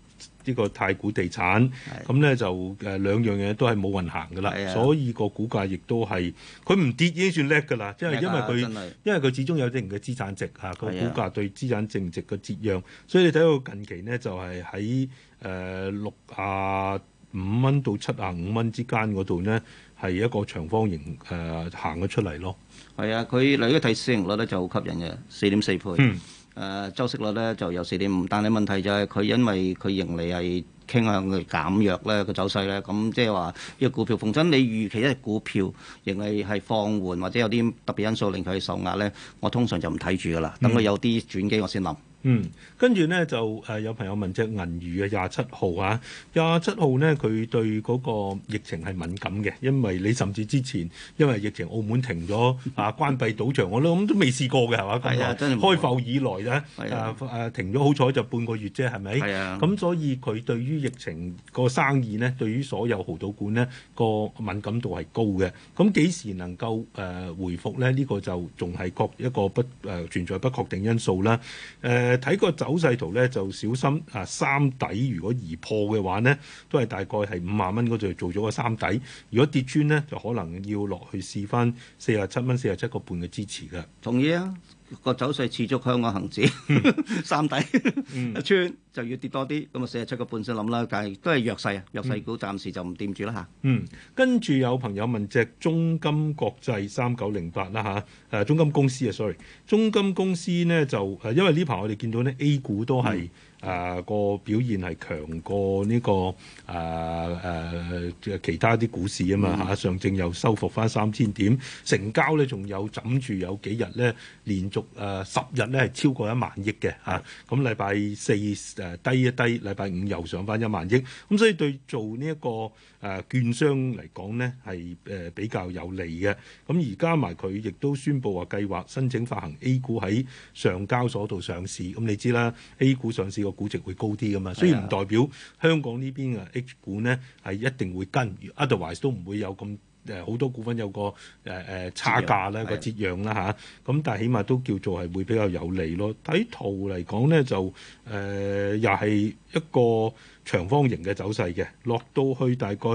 A: 呢個太古地產，咁咧 就誒兩、啊、樣嘢都係冇運行嘅啦，的所以個股價亦都係佢唔跌已經算叻㗎啦，即係因為佢因為佢始終有一定嘅資產值啊，佢股價對資產淨值嘅折讓，的所以你睇到近期呢，就係喺誒六啊五蚊到七啊五蚊之間嗰度呢，係一個長方形誒、呃、行咗出嚟咯。
B: 係啊，佢例如睇市盈率咧就好吸引嘅，四點四倍。誒、嗯呃，周息率咧就有四點五，但係問題就係佢因為佢盈利係傾向佢減弱咧個走勢咧，咁、嗯、即係話呢個股票逢親你預期一隻股票盈利係放緩或者有啲特別因素令佢受壓咧，我通常就唔睇住噶啦，等佢有啲轉機我先諗。嗯嗯，跟住咧就誒、呃、有
A: 朋友問隻銀娛嘅廿七號啊，廿七號呢，佢對嗰個疫情係敏感嘅，因為你甚至之前因為疫情澳門停咗啊，關閉賭場，我諗都未試過嘅係嘛？係啊，真係開埠以來咧誒誒停咗，啊、好彩就半個月啫，係咪？係啊。咁所以佢對於疫情個生意呢，對於所有豪賭館呢、嗰個敏感度係高嘅。咁幾時能夠誒、呃、回復呢？呢、這個就仲係確一個不誒、呃呃呃、存在不確定因素啦，誒、呃。嗯睇個走勢圖咧，就小心啊！三底如果移破嘅話咧，都係大概係五十蚊嗰度做咗個三底。如果跌穿咧，就可能要落去試翻四十七蚊、四十
B: 七個半嘅支持噶。同意啊！個走勢似足香港恒指、嗯、三底一穿，嗯啊、就要跌多啲，咁啊四十七個半先諗啦，但係都係弱勢啊，弱勢股暫時就唔掂住啦嚇。嗯，跟住有朋友問隻中金國際三九零八
A: 啦嚇，誒中金公司啊，sorry，中金公司呢就誒、啊，因為呢排我哋見到呢 A 股都係。嗯誒、呃、個表現係強過呢、這個誒誒、呃呃、其他啲股市嘛啊嘛嚇，上證又收復翻三千點，成交咧仲有枕住有幾日咧連續誒十、呃、日咧係超過一萬億嘅嚇，咁禮拜四誒、呃、低一低，禮拜五又上翻一萬億，咁、嗯、所以對做呢、這、一個。誒券商嚟講咧係誒比較有利嘅，咁而加埋佢亦都宣布話計劃申請發行 A 股喺上交所度上市，咁你知啦，A 股上市個估值會高啲㗎嘛，雖然唔代表香港呢邊嘅 H 股咧係一定會跟，otherwise 都唔會有咁誒好多股份有個誒誒差價咧個折讓啦吓，咁讓但係起碼都叫做係會比較有利咯。睇圖嚟講咧就誒又係一個。長方形嘅走勢嘅，落到去大概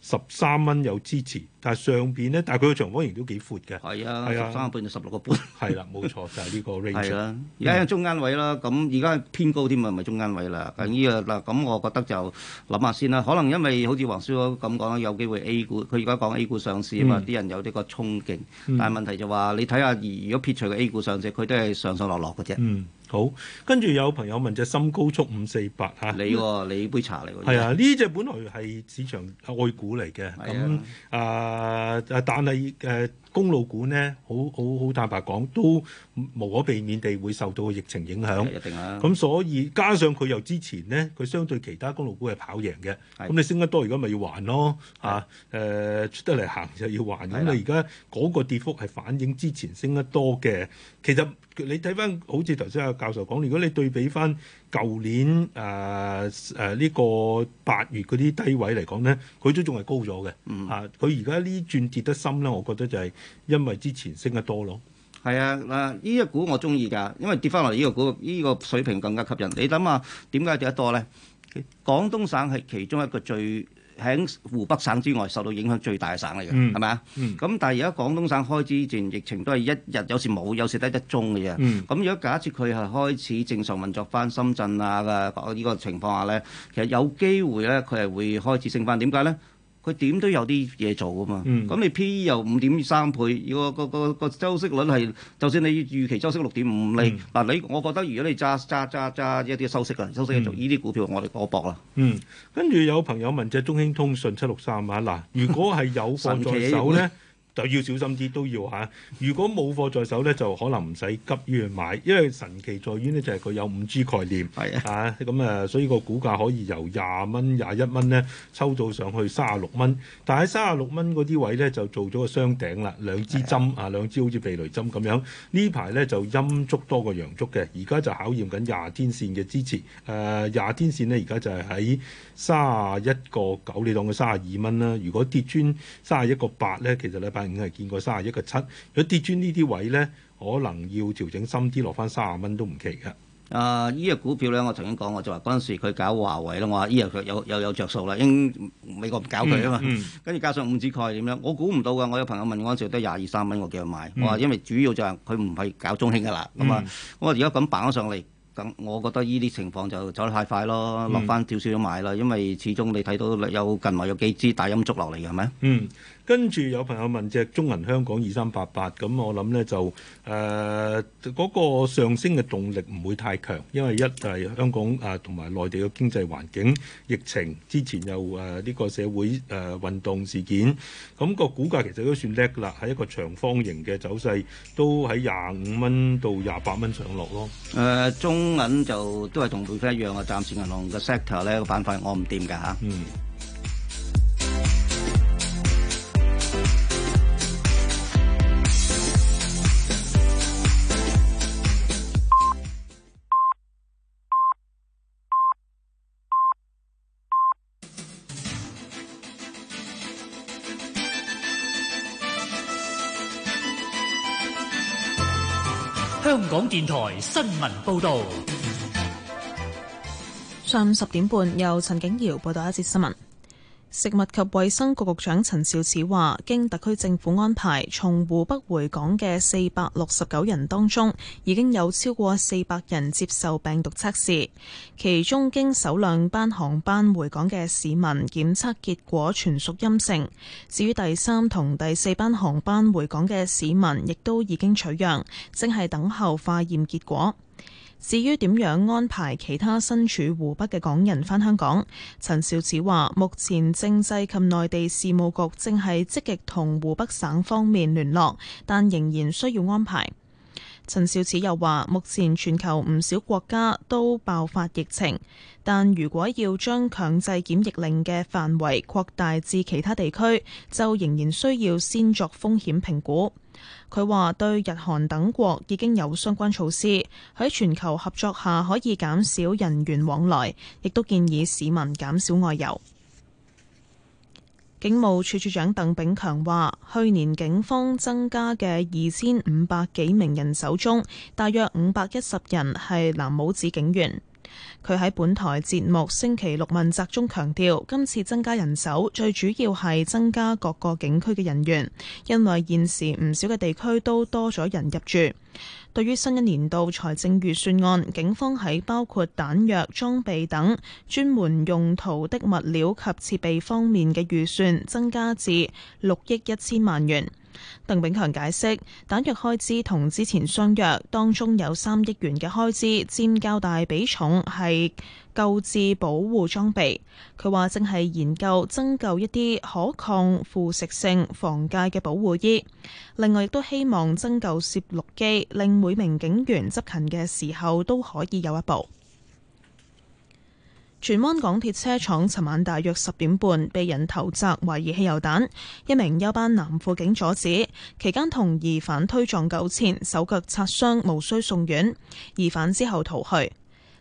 A: 十三蚊有支持，但係上邊咧，但係佢個長方形都幾闊嘅。係啊，係啊，十三個半
B: 到十六個半。係啦，冇錯就係、是、呢個 range、啊。啦、嗯，而家喺中間位啦，咁而家偏高添啊，咪中間位啦。咁依個嗱，咁我覺得就諗下先啦、啊。可能因為好似黃先生咁講啦，有機會 A 股，佢而家講 A 股上市啊嘛，啲、嗯、人有呢個憧憬。嗯、但係問題就話，你睇下，如果撇除個 A 股上市，佢都係上上落落嘅啫。嗯。好，跟住有朋友問隻深高速五四八嚇，你喎、嗯，你杯茶嚟喎，係啊，
A: 呢 隻本來係市場愛股嚟嘅，咁啊的、呃，但係誒、呃、公路股咧，好好好坦白講都。無可避免地會受到個疫情影響，係一定啊！咁所以加上佢又之前咧，佢相對其他公路股係跑贏嘅。咁的你升得多，而家咪要還咯嚇。誒的、啊、出得嚟行就要還，咁的你而家嗰個跌幅係反映之前升得多嘅。其實你睇翻好似頭先阿教授講，如果你對比翻舊年誒誒呢個八月嗰啲低位嚟講咧，佢都仲係高咗嘅。嗯，佢而家呢轉跌得深咧，我覺得就係因為之前升
B: 得多咯。嗯係啊，嗱、啊，依一股我中意㗎，因為跌翻落嚟呢個股，依、這個水平更加吸引。你諗下，點解跌得多咧？廣東省係其中一個最喺湖北省之外受到影響最大嘅省嚟嘅，係咪啊？咁、嗯嗯、但係而家廣東省開始之前疫情都係一日有時冇，有時得一宗嘅啫。咁、嗯、如果假設佢係開始正常運作翻深圳啊嘅呢個情況下咧，其實有機會咧，佢係會開始升翻。點解咧？佢點都有啲嘢做噶嘛，咁你 P E 又五點三倍，個個個個周息率係，就算你預期周息六點五厘，你嗱你，我覺得如果你揸揸揸揸一啲收息嘅，收息嘅做呢啲股票，我哋我搏啦。嗯，
A: 跟住有朋友問隻中興通訊七六三啊，嗱，如果係有貨在手咧，就要小心啲，都要嚇、啊。如果冇貨在手咧，就可能唔使急於去買，因為神奇在於呢，就係佢有五 G 概念，係的啊咁啊，所以個股價可以由廿蚊、廿一蚊咧抽到上去三十六蚊。但喺三十六蚊嗰啲位咧就做咗個雙頂啦，兩支針的啊，兩支好似避雷針咁樣。呢排咧就陰燭多過陽燭嘅，而家就考驗緊廿天線嘅支持。誒、啊，廿天線呢，而家就係喺三十一個九，你當佢三十二蚊啦。如果跌穿三十一個八咧，其實咧。我係見過三十一個七，如果跌穿
B: 呢啲位咧，可能要調整深啲，落翻三十蚊都唔奇噶。啊，呢、這、隻、個、股票咧，我曾經講過，我就話嗰陣時佢搞華為啦，我話呢日佢有又有，有，有着數啦，應美國唔搞佢啊嘛，跟住、嗯嗯、加上五指蓋點樣，我估唔到噶。我有朋友問我嗰陣時得廿二三蚊，我叫佢買，我話、嗯、因為主要就係佢唔係搞中興噶啦，咁啊、嗯，嗯嗯、我而家咁掹咗上嚟，咁我覺得呢啲情況就走得太快咯，落翻少少都買啦，因為始終你睇到有近來有幾支大陰燭落嚟嘅係咪？嗯。跟住有朋友問隻中銀香港二三八八，咁我
A: 諗咧就誒嗰個上升嘅動力唔會太強，因為一係香港誒同埋內地嘅經濟環境、疫情之前又誒呢個社會誒運動事件，咁個股價其實都算叻啦，喺一個長方形嘅走勢，
B: 都喺廿五蚊到廿八蚊上落咯。誒中銀就都係同貝飛一樣啊，暫時銀行嘅 sector 咧個板塊我唔掂㗎嚇。嗯。
E: 香港電台新聞報道，
F: 上午十點半，由陳景瑤報道一節新聞。食物及衛生局局長陳肇始話，經特區政府安排從湖北回港嘅四百六十九人當中，已經有超過四百人接受病毒測試，其中經首兩班航班回港嘅市民檢測結果全屬陰性。至於第三同第四班航班回港嘅市民，亦都已經取樣，正係等候化驗結果。至於點樣安排其他身處湖北嘅港人返香港，陳肇始話：目前政制及內地事務局正係積極同湖北省方面聯絡，但仍然需要安排。陳肇始又話，目前全球唔少國家都爆發疫情，但如果要將強制檢疫令嘅範圍擴大至其他地區，就仍然需要先作風險評估。佢話對日韓等國已經有相關措施，喺全球合作下可以減少人員往來，亦都建議市民減少外遊。警務處處長鄧炳強話，去年警方增加嘅二千五百幾名人手中，大約五百一十人係藍帽子警員。佢喺本台節目星期六問責中強調，今次增加人手，最主要係增加各個警區嘅人員，因為現時唔少嘅地區都多咗人入住。對於新一年度財政預算案，警方喺包括彈藥、裝備等專門用途的物料及設備方面嘅預算增加至六億一千萬元。鄧炳強解釋，彈藥開支同之前相約，當中有三億元嘅開支，佔較大比重係購置保護裝備。佢話正係研究增購一啲可抗腐蝕性防介嘅保護衣，另外亦都希望增購攝錄機，令每名警員執勤嘅時候都可以有一部。荃灣港鐵車廠尋晚大約十點半被人投擲懷疑汽油彈，一名休班男輔警阻止，期間同疑犯推撞、糾纏、手腳擦傷，無需送院。疑犯之後逃去。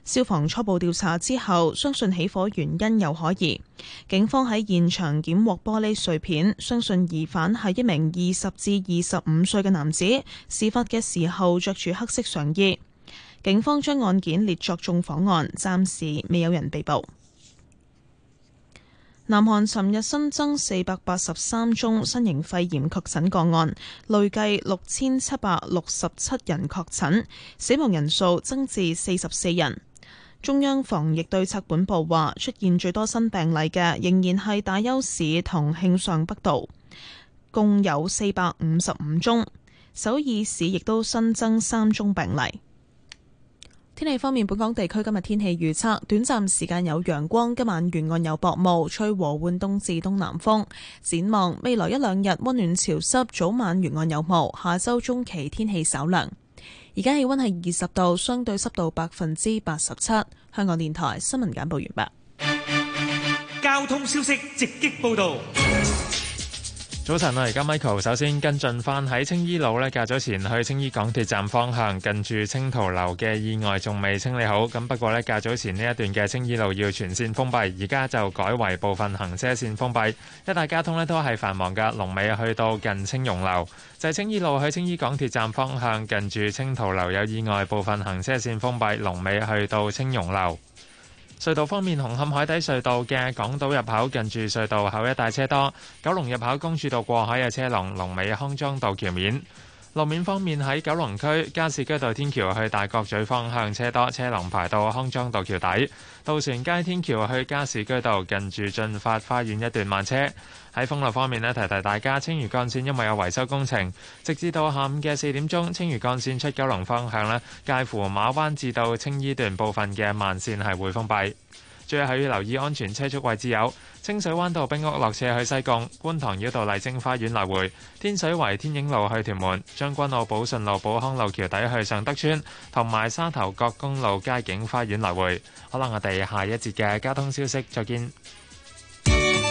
F: 消防初步調查之後，相信起火原因有可疑。警方喺現場檢獲玻璃碎片，相信疑犯係一名二十至二十五歲嘅男子，事發嘅時候着住黑色上衣。警方將案件列作縱火案，暫時未有人被捕。南韓尋日新增四百八十三宗新型肺炎確診個案，累計六千七百六十七人確診，死亡人數增至四十四人。中央防疫對策本部話，出現最多新病例嘅仍然係大邱市同慶尚北道，共有四百五十五宗。首爾市亦都新增三宗病例。天氣方面，本港地區今日天氣預測，短暫時間有陽光，今晚沿岸有薄霧，吹和緩東至東南風。展望未來一兩日温暖潮濕，早晚沿岸有霧。下周中期天氣稍涼。而家氣温係二十度，相對濕度百分之八十七。香港電台新聞簡報完畢。交通消息直擊報道。
G: 早晨啊！而家 Michael 首先跟進返喺青衣路呢，較早前去青衣港鐵站方向近住青桃樓嘅意外仲未清理好。咁不過呢，較早前呢一段嘅青衣路要全綫封閉，而家就改為部分行車綫封閉。一帶交通呢都係繁忙噶，龍尾去到近青榕樓。就係青衣路去青衣港鐵站方向近住青桃樓有意外，部分行車綫封閉，龍尾去到青榕樓。隧道方面，紅磡海底隧道嘅港島入口近住隧道口一帶車多；九龍入口公主道過海嘅車龍，龍尾康莊道橋面。路面方面喺九龍區，加士居道天橋去大角咀方向車多，車龍排到康莊道橋底。渡船街天橋去加士居道近住進發花園一段慢車。喺封路方面呢，提提大家，青嶼幹線因為有維修工程，直至到下午嘅四點鐘，青嶼幹線出九龍方向呢，介乎馬灣至到青衣段部分嘅慢線係會封閉。最後要留意安全車速位置有清水灣道、冰屋落車去西貢、觀塘繞道麗晶花園來回、天水圍天影路去屯門、將軍澳寶順路、寶康路橋底去尚德村，同埋沙頭角公路佳景花園來回。可能我哋下一節嘅交通消息，再見。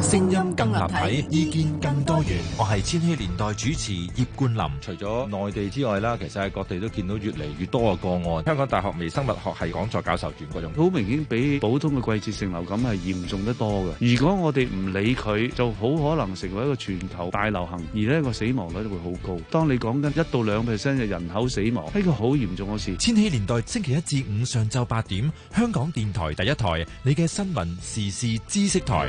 B: 聲音更立體，
E: 意見更多元。我係千禧年代主持葉冠霖。除咗內地之外啦，其實喺各地都見到越嚟越多嘅個案。香港大學微生物學系講座教授袁國勇，好明顯比普通嘅季節性流感係嚴重
A: 得多嘅。如果我哋唔理佢，就好可能成為一個全球大流行，而呢個死
E: 亡率會好高。當你講緊一到兩 percent 嘅人口死亡，呢個好嚴重嘅事。千禧年代星期一至五上晝八點，香港電台第一台，你嘅新聞時事知識台。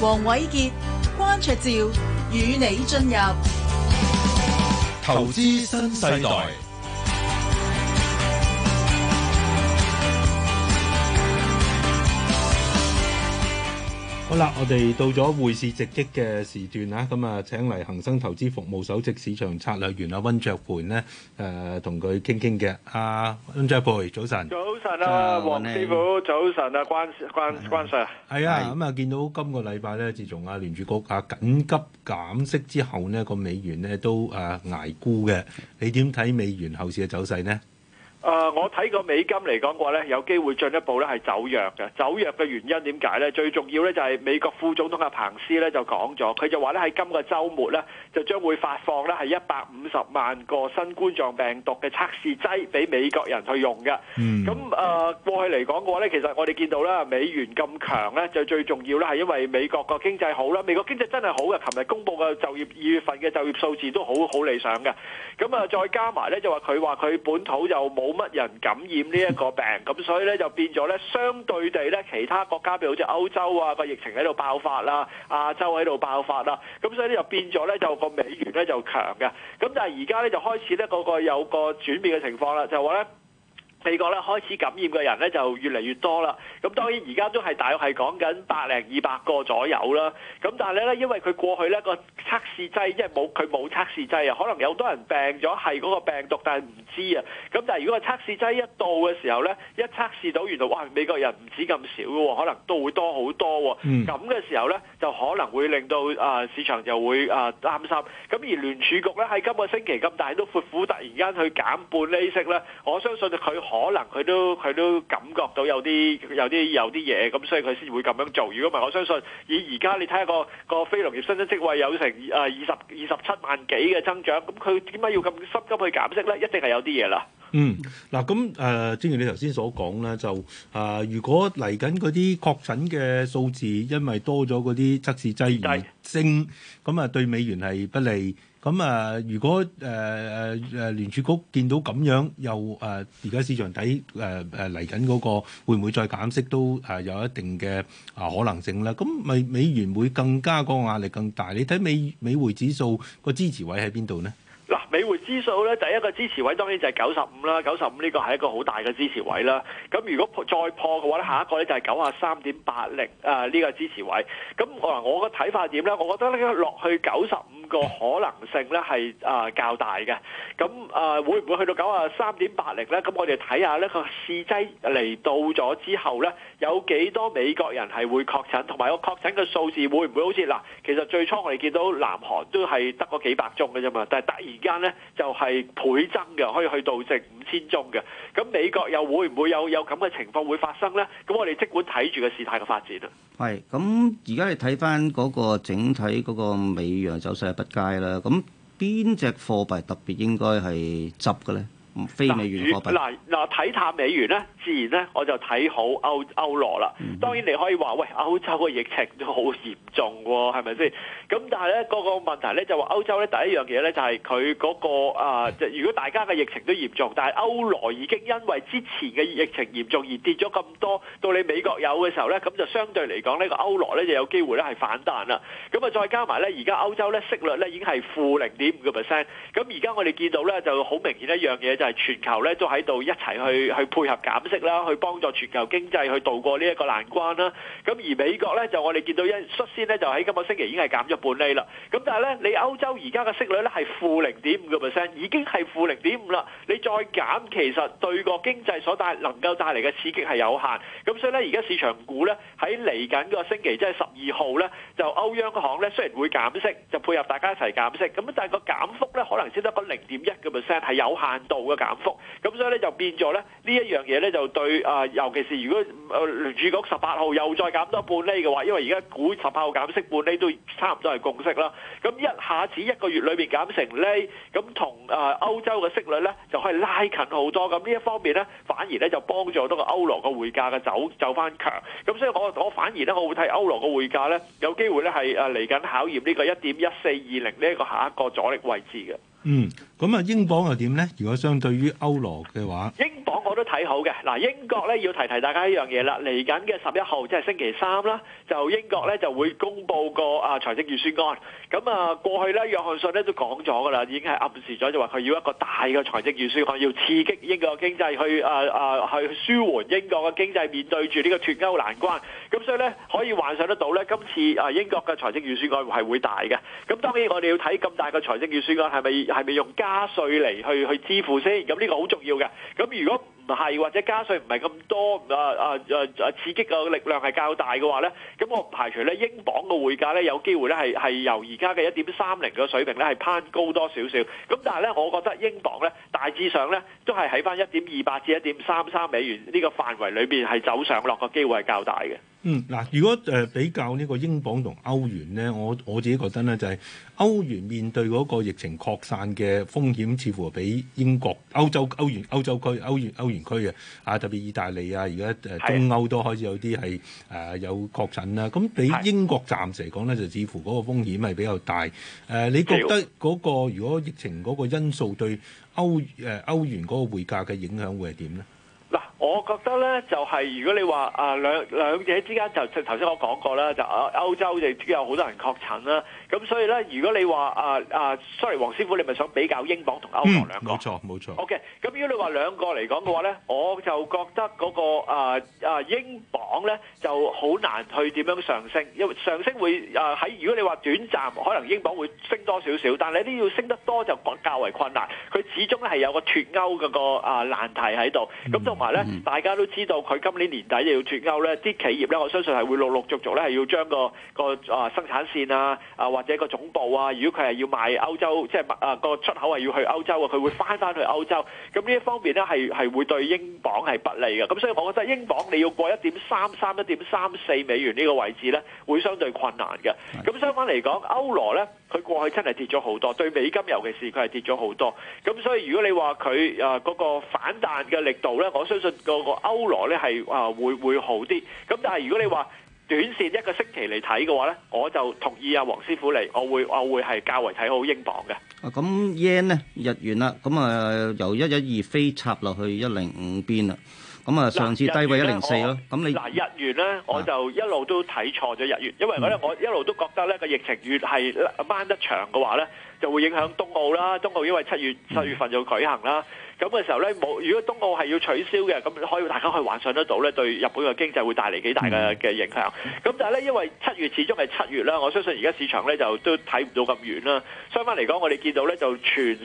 F: 黃瑋傑、關焯照與你進入
E: 投資新世代。
A: 啦，我哋到咗匯市直擊嘅時段啦，咁啊，請嚟恒生投資服務首席市場策略員啊溫卓培呢誒，同佢傾傾嘅。阿溫卓培，早晨。
I: 早晨啊，黃師傅，早晨啊，關、關、
A: 關 Sir。係啊，咁啊，見到今個禮拜呢，自從啊聯儲局啊緊急減息之後呢，個美元呢都誒挨沽嘅。你點睇美元後市嘅走勢呢？
I: 誒、呃，我睇過美金嚟講嘅話咧，有機會進一步咧係走弱嘅。走弱嘅原因點解咧？最重要咧就係美國副總統阿彭斯咧就講咗，佢就話咧喺今個週末咧就將會發放咧係一百五十萬個新冠狀病毒嘅測試劑俾美國人去用嘅。咁誒、嗯呃、過去嚟講嘅話咧，其實我哋見到啦美元咁強咧，就最重要咧係因為美國個經濟好啦。美國經濟真係好嘅，琴日公布嘅就業二月份嘅就業數字都好好理想嘅。咁啊，再加埋咧就話佢話佢本土又冇，冇乜人感染呢一個病，咁所以咧就變咗咧，相對地咧，其他國家譬如好似歐洲啊個疫情喺度爆發啦，亞洲喺度爆發啦，咁所以咧就變咗咧就個美元咧就強嘅，咁但係而家咧就開始咧嗰個有個轉變嘅情況啦，就話咧。美國咧開始感染嘅人咧就越嚟越多啦，咁當然而家都係大約係講緊百零二百個左右啦，咁但係咧，因為佢過去咧個測試劑即係冇佢冇測試劑啊，可能有多人病咗係嗰個病毒，但係唔知啊，咁但係如果個測試劑一到嘅時候咧，一測試到原來哇美國人唔止咁少喎，可能都會多好多喎，咁嘅、嗯、時候咧就可能會令到啊市場就會啊擔心，咁而聯儲局咧喺今個星期咁大刀闊斧突然間去減半厘息咧，我相信佢。可能佢都佢都感覺到有啲有啲有啲嘢，咁所以佢先會咁樣做。如果唔係，我相信以而家你睇下個個非農業新增職位有成啊、呃、二十二十七萬幾嘅增長，咁佢點解要咁心急去減息咧？一定係有啲嘢啦。
A: 嗯，嗱咁誒，正如你頭先所講咧，就啊、呃，如果嚟緊嗰啲確診嘅數字因為多咗嗰啲測試劑而升，咁啊是對美元係不利。咁啊、嗯，如果誒誒誒聯儲局見到咁樣，又誒而家市場底誒誒嚟緊嗰個會唔會再減息都誒有一定嘅啊可能性啦，咁、嗯、咪美元會更加嗰個壓力更大。你睇美美匯指數個支持位喺邊度咧？
I: 嗱，美匯指數咧，第一個支持位，當然就係九十五啦，九十五呢個係一個好大嘅支持位啦。咁如果再破嘅話咧，下一個咧就係九啊三點八零啊呢個支持位。咁我我嘅睇法點咧？我覺得咧，落去九十五個可能性咧係啊較大嘅。咁啊會唔會去到九啊三點八零咧？咁我哋睇下咧個試劑嚟到咗之後咧，有幾多美國人係會確診，同埋個確診嘅數字會唔會好似嗱？其實最初我哋見到南韓都係得個幾百宗嘅啫嘛，但係突然～間呢就係倍增嘅，可以去到成五千宗嘅。咁美國又會唔會有有咁嘅情況會發生呢？咁我哋即管睇住個事態嘅發展啊。
B: 係，咁而家你睇翻嗰個整體嗰個美元走勢係不佳啦。咁邊隻貨幣特別應該係執嘅呢？美元嗱
I: 嗱，睇淡美元咧，自然咧我就睇好歐歐羅啦。當然你可以話喂，歐洲嘅疫情都好嚴重喎、啊，係咪先？咁但係咧嗰個問題咧就話歐洲咧第一樣嘢咧就係佢嗰個啊、呃，如果大家嘅疫情都嚴重，但係歐羅已經因為之前嘅疫情嚴重而跌咗咁多，到你美國有嘅時候咧，咁就相對嚟講呢個歐羅咧就有機會咧係反彈啦。咁啊再加埋咧，而家歐洲咧息率咧已經係負零點五個 percent。咁而家我哋見到咧就好明顯一樣嘢就係全球咧都喺度一齊去去配合減息啦，去幫助全球經濟去渡過呢一個難關啦。咁而美國咧就我哋見到一率先咧就喺今個星期已經係減咗半厘啦。咁但係咧你歐洲而家嘅息率咧係負零點五個 percent，已經係負零點五啦。你再減其實對個經濟所帶能夠帶嚟嘅刺激係有限。咁所以咧而家市場股咧喺嚟緊個星期即係十二號咧就歐央行咧雖然會減息，就配合大家一齊減息。咁但係個減幅咧可能先得個零點一個 percent 係有限度嘅。減幅，咁、嗯、所以咧就變咗咧呢一樣嘢咧就對啊、呃，尤其是如果聯儲、呃、局十八號又再減多半厘嘅話，因為而家估十八號減息半厘都差唔多係共識啦，咁一下子一個月裏面減成厘，咁同啊歐洲嘅息率咧就可以拉近好多，咁呢一方面咧反而咧就幫助到歐羅嘅匯價嘅走走翻強，咁所以我我反而咧我會睇歐羅嘅匯價咧有機會咧係啊嚟緊考驗呢個一點一四二零呢一個下一個阻力位置嘅。
A: 嗯，咁啊，英鎊又點呢？如果相對於歐羅嘅話，
I: 英鎊我都睇好嘅。嗱，英國咧要提提大家一樣嘢啦。嚟緊嘅十一號即係星期三啦，就英國咧就會公布個啊財政預算案。咁啊，過去咧約翰遜咧都講咗噶啦，已經係暗示咗就話佢要一個大嘅財政預算案，要刺激英國經濟去啊啊去舒緩英國嘅經濟面對住呢個脫歐難關。咁所以咧可以幻想得到咧，今次啊英國嘅財政預算案係會大嘅。咁當然我哋要睇咁大嘅財政預算案係咪？是係咪用加稅嚟去去支付先？咁、這、呢個好重要嘅。咁如果唔係或者加稅唔係咁多啊啊啊刺激嘅力量係較大嘅話咧，咁我唔排除咧英鎊嘅匯價咧有機會咧係係由而家嘅一點三零嘅水平咧係攀高多少少。咁但係咧，我覺得英鎊咧大致上咧都係喺翻一點二八至一點三三美元呢個範圍裏邊係走上落嘅機會係較大嘅。
A: 嗯，嗱，如果誒、呃、比較呢個英鎊同歐元咧，我我自己覺得咧就係、是、歐元面對嗰個疫情擴散嘅風險，似乎比英國、歐洲、歐元、歐洲區、歐元、歐元區嘅啊，特別意大利啊，而家誒中歐都開始有啲係誒有確診啦、啊。咁比英國暫時嚟講咧，就似乎嗰個風險係比較大。誒、呃，你覺得嗰、那個如果疫情嗰個因素對歐誒、呃、歐元嗰個匯價嘅影響會係點咧？
I: 嗱，我覺得咧就係、是、如果你話啊兩兩者之間就頭先我講過啦，就歐洲亦都有好多人確診啦，咁所以咧如果你話啊啊，sorry 黃師傅，你咪想比較英鎊同歐鎊
A: 兩個，冇錯冇錯。
I: 錯 OK，咁如果你話兩個嚟講嘅話咧，我就覺得嗰、那個啊，啊英鎊咧就好難去點樣上升，因為上升會啊喺如果你話短暫，可能英鎊會升多少少，但你都要升得多就較為困難，佢始終咧係有個脱歐嗰、那個啊難題喺度，咁就。同埋咧，大家都知道佢今年年底就要脱歐咧，啲企業咧，我相信係會陸陸續續咧，係要將個個啊生產線啊啊或者個總部啊，如果佢係要賣歐洲，即係啊個出口係要去歐洲嘅，佢會翻翻去歐洲。咁呢一方面咧，係係會對英鎊係不利嘅。咁所以我覺得英鎊你要過一點三三、一點三四美元呢個位置咧，會相對困難嘅。咁相反嚟講，歐羅咧，佢過去真係跌咗好多，對美金尤其是佢係跌咗好多。咁所以如果你話佢啊嗰個反彈嘅力度咧，我相信個個歐羅咧係啊會會好啲，咁但係如果你話短線一個星期嚟睇嘅話咧，我就同意阿黃師傅嚟，我會我會係較為睇好英鎊嘅。
B: 啊咁 yen 咧日元啦，咁啊由一一二飛插落去一零五邊啦，咁啊上次低位一零四咯。咁你嗱日
I: 元咧，我，你日元我就一路都睇錯咗日元，因為咧我、啊、我一路都覺得咧個疫情越係掹得長嘅話咧，就會影響東奧啦，東奧因為七月七月份要舉行啦。嗯咁嘅時候咧，冇如果東奧係要取消嘅，咁可以大家去幻想得到咧，對日本嘅經濟會帶嚟幾大嘅嘅影響。咁但係咧，因為七月始終係七月啦，我相信而家市場咧就都睇唔到咁遠啦。相反嚟講，我哋見到咧就全世界，即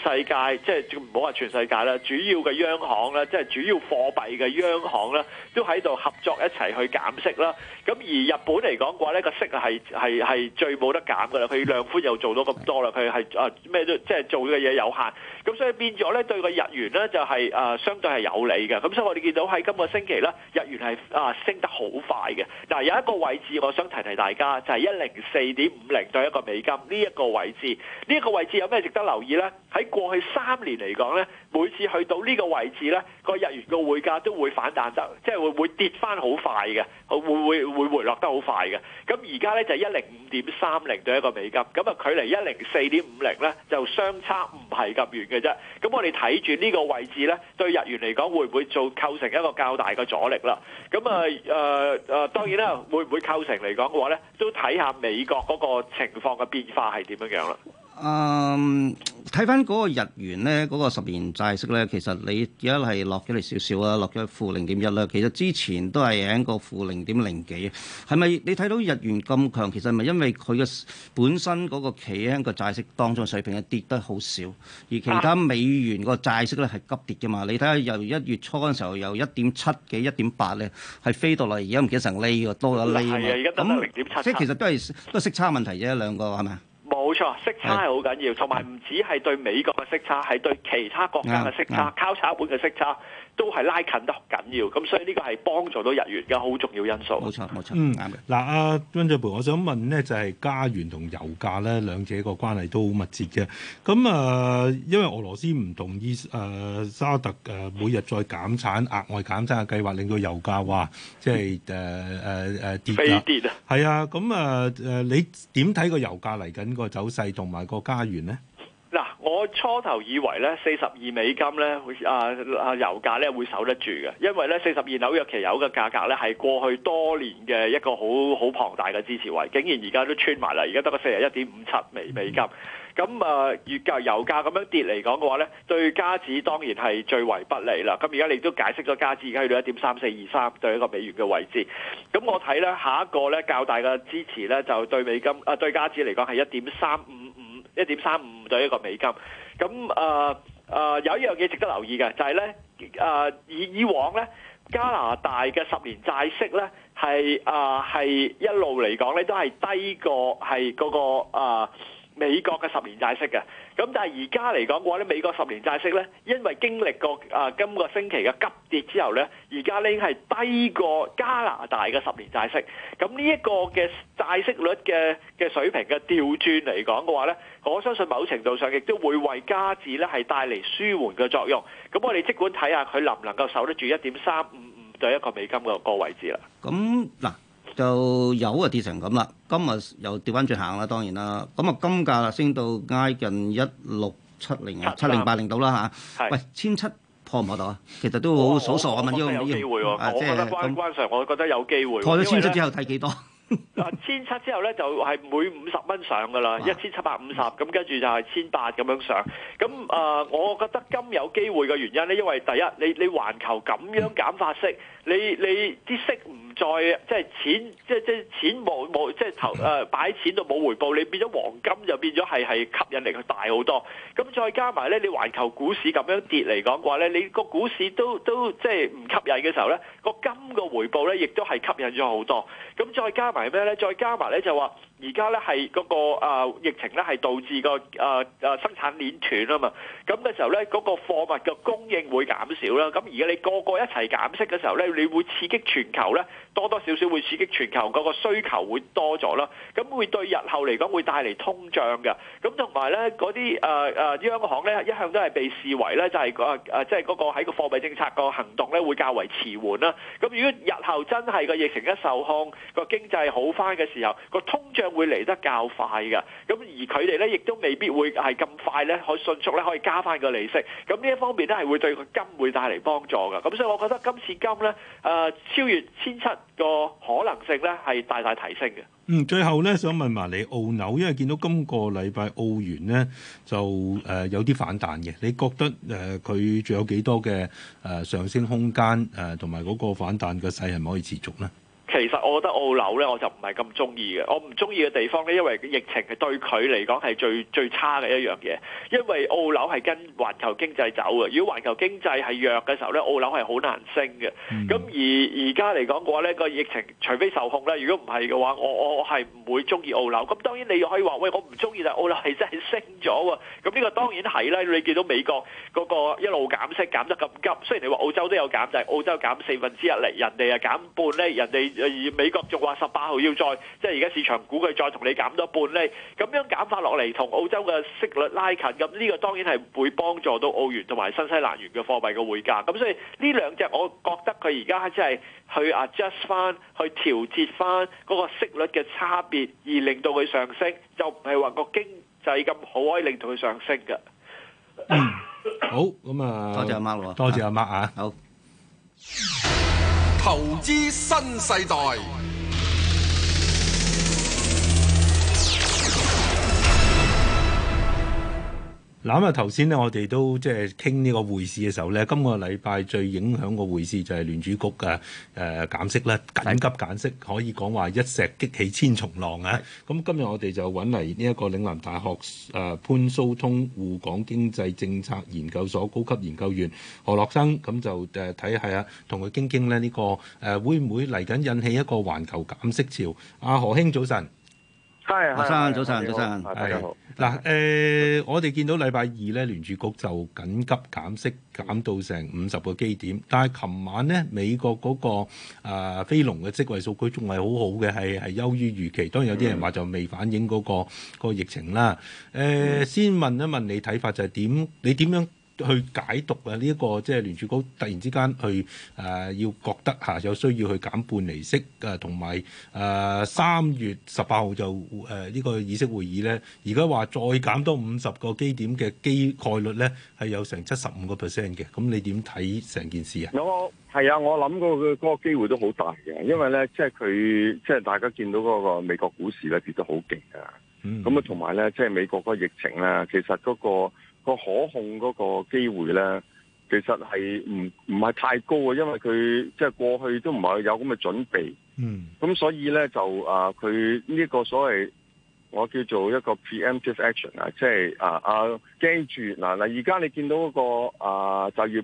I: 係唔好話全世界啦，主要嘅央行啦，即係主要貨幣嘅央行啦，都喺度合作一齊去減息啦。咁而日本嚟講嘅話呢，個息係係係最冇得減噶啦，佢量寬又做到咁多啦，佢係啊咩都即係做嘅嘢有限。咁所以變咗咧，對個日元咧就係誒相對係有利嘅。咁所以我哋見到喺今個星期咧，日元係啊升得好快嘅。嗱，有一個位置我想提提大家，就係一零四點五零對一個美金呢一個位置。呢一個位置有咩值得留意呢？喺過去三年嚟講呢，每次去到呢個位置呢，個日元個匯價都會反彈得，即係會會跌翻好快嘅，會會會回落得好快嘅。咁而家呢，就係一零五點三零對一個美金，咁啊距離一零四點五零呢，就相差唔係咁遠，嘅啫，咁我哋睇住呢個位置咧，對日元嚟講會唔會做構成一個較大嘅阻力啦？咁啊誒誒，當然啦，會唔會構成嚟講嘅話咧，都睇下美國嗰個情況嘅變化係點樣樣
D: 啦。嗯。
B: 睇翻嗰個日元咧，嗰個十年債息咧，其實你而家係落咗嚟少少啊，落咗負零點一啦。其實之前都係喺個負零點零幾。係咪你睇到日元咁強？其實係咪因為佢嘅本身嗰個企喺個債息當中水平係跌得好少，而其他美元個債息咧係急跌嘅嘛？你睇下由一月初嗰陣時候由一點七幾一點八咧，係飛到落嚟，而家唔記得成一厘，多咗一厘咁零點七，即係其實都係都係息差問題啫，兩個係咪？啊
I: 冇錯，息差係好緊要，同埋唔止係對美國嘅息差，係對其他國家嘅息差，的交叉本嘅息差。都係拉近得好緊要，咁所以呢個係幫助到日元嘅好重要因素。冇錯，冇錯，
A: 嗯，嗱，阿温灼培，我想問咧，就係加元同油價咧，兩者個關係都好密切嘅。咁啊、呃，因為俄羅斯唔同意誒、呃、沙特誒每日再減產、額外減產嘅計劃，令到油價哇，即係誒誒誒跌啊跌啊，係啊。咁啊誒，你點睇個油價嚟緊個走勢同埋個加元咧？
I: 嗱，我初頭以為咧四十二美金咧，啊啊油價咧會守得住嘅，因為咧四十二紐約期油嘅價格咧係過去多年嘅一個好好龐大嘅支持位，竟然而家都穿埋啦，而家得個四十一點五七美美金。咁啊，月、呃、價油價咁樣跌嚟講嘅話咧，對加指當然係最為不利啦。咁而家你都解釋咗加指而家去到一點三四二三對一個美元嘅位置。咁我睇咧下一個咧較大嘅支持咧就對美金啊對加指嚟講係一點三五。一點三五對一個美金，咁誒誒，有一樣嘢值得留意嘅，就係咧誒，以以往咧加拿大嘅十年債息咧係誒，係、呃、一路嚟講咧都係低過係嗰個啊。呃美國嘅十年債息嘅，咁但係而家嚟講嘅話咧，美國十年債息咧，因為經歷過啊、呃、今個星期嘅急跌之後咧，而家咧係低過加拿大嘅十年債息，咁呢一個嘅債息率嘅嘅水平嘅調轉嚟講嘅話咧，我相信某程度上亦都會為加紙咧係帶嚟舒緩嘅作用。咁我哋即管睇下佢能唔能夠守得住一點三五五對一個美金嘅個位置啦。
B: 咁嗱。就有啊跌成咁啦，今日又跌翻轉行啦，當然啦，咁啊金價啦升到挨近一六七零啊，七零八零到啦嚇，啊、喂，千七破唔破到啊？我其實都好傻傻啊，問呢樣嘢，我覺得有機會喎，即係關
I: 關 Sir，我覺得有機會破咗千七之後睇幾多？嗱，千七之後咧就係、是、每五十蚊上噶啦，一千七百五十咁跟住就係千八咁樣上。咁誒、呃，我覺得金有機會嘅原因咧，因為第一，你你環球咁樣減法息，你你啲息唔再即係、就是、錢，即係即係錢冇冇即係投誒、啊、擺錢就冇回報，你變咗黃金就變咗係係吸引力大好多。咁再加埋咧，你環球股市咁樣跌嚟講嘅話咧，你個股市都都即係唔吸引嘅時候咧，個金個回報咧亦都係吸引咗好多。咁再加埋。係咩咧？再加埋咧就話，而家咧係嗰個啊疫情咧係導致個啊啊生產鏈斷啊嘛。咁嘅時候咧，嗰個貨物嘅供應會減少啦。咁而家你個個一齊減息嘅時候咧，你會刺激全球咧多多少少會刺激全球嗰個需求會多咗啦。咁會對日後嚟講會帶嚟通脹㗎。咁同埋咧，嗰啲誒誒央行咧一向都係被視為咧就係啊即係嗰個喺個貨幣政策個行動咧會較為遲緩啦。咁如果日後真係個疫情一受控，個經濟係好翻嘅時候，個通脹會嚟得較快嘅，咁而佢哋咧，亦都未必會係咁快咧，可以迅速咧可以加翻個利息。咁呢一方面咧，係會對個金會帶嚟幫助嘅。咁所以我覺得今次金咧，誒超越千七個可能性咧，係大大提升嘅。嗯，
A: 最後咧想問埋你澳紐，因為見到今個禮拜澳元咧就誒、呃、有啲反彈嘅，你覺得誒佢仲有幾多嘅誒、呃、上升空間誒，同埋嗰個反彈嘅勢係咪可以持續咧？
I: 其實我覺得澳樓咧，我就唔係咁中意嘅。我唔中意嘅地方咧，因為疫情係對佢嚟講係最最差嘅一樣嘢。因為澳樓係跟環球經濟走嘅，如果環球經濟係弱嘅時候咧，澳樓係好難升嘅。咁而而家嚟講嘅話咧，個疫情除非受控啦，如果唔係嘅話，我我係唔會中意澳樓。咁當然你可以話，喂，我唔中意，但係澳樓係真係升咗喎。咁呢個當然係啦。你見到美國嗰個嗰個一路減息減得咁急，雖然你話澳洲都有減，但係澳洲減四分之一嚟，人哋啊減半咧，人哋。而美國仲話十八號要再，即係而家市場估計再同你減多半厘，咁樣減法落嚟，同澳洲嘅息率拉近，咁呢個當然係會幫助到澳元同埋新西蘭元嘅貨幣嘅匯價。咁所以呢兩隻，我覺得佢而家即係去 adjust 翻，去調節翻嗰個息率嘅差別，而令到佢上升，就唔係話個經濟咁好可以令到佢上升嘅，
B: 嗯。好咁啊，多謝阿媽，多
A: 謝阿媽啊，啊，好。
I: 投資新世代。
A: 嗱咁啊，頭先咧，我哋都即係傾呢個匯市嘅時候咧，今個禮拜最影響個匯市就係聯儲局嘅誒減息啦，緊急減息可以講話一石激起千重浪啊！咁今日我哋就揾嚟呢一個嶺南大學誒潘蘇通滬港經濟政策研究所高級研究員何樂生，咁就誒睇係啊，同佢傾傾咧呢個誒會唔會嚟緊引起一個環球減息潮？阿何兄早晨。
D: 係，阿生早晨，早晨，大家
A: 好。嗱晨，誒、啊呃，我哋見到禮拜二咧，聯儲局就緊急減息，減到成五十個基點。但係琴晚咧，美國嗰、那個誒非農嘅職位數據仲係好好嘅，係係優於預期。當然有啲人話就未反映嗰、那個、嗯、個疫情啦。誒、呃，先問一問你睇法，就係點？你點樣？去解讀啊！呢、這、一個即係聯儲局突然之間去誒、呃，要覺得嚇、啊、有需要去減半厘息啊，同埋誒三月十八號就誒呢、呃這個議息會議咧，而家話再減多五十個基點嘅機概率咧，係有成七十五個 percent 嘅。咁你點睇
J: 成件事啊？我係啊，我諗嗰個嗰個機會都好大嘅，因為咧即係佢即係大家見到嗰個美國股市咧跌得好勁啊。咁啊、嗯，同埋咧即係美國嗰個疫情咧，其實嗰、那個，個可控嗰個機會咧，其實係唔唔係太高啊，因為佢即係過去都唔係有咁嘅準備。
D: 嗯，
J: 咁所以咧就啊，佢、呃、呢個所謂我叫做一個 pre-emptive action，就是、啊，即係啊啊驚住嗱嗱，而家你見到嗰、那個啊就業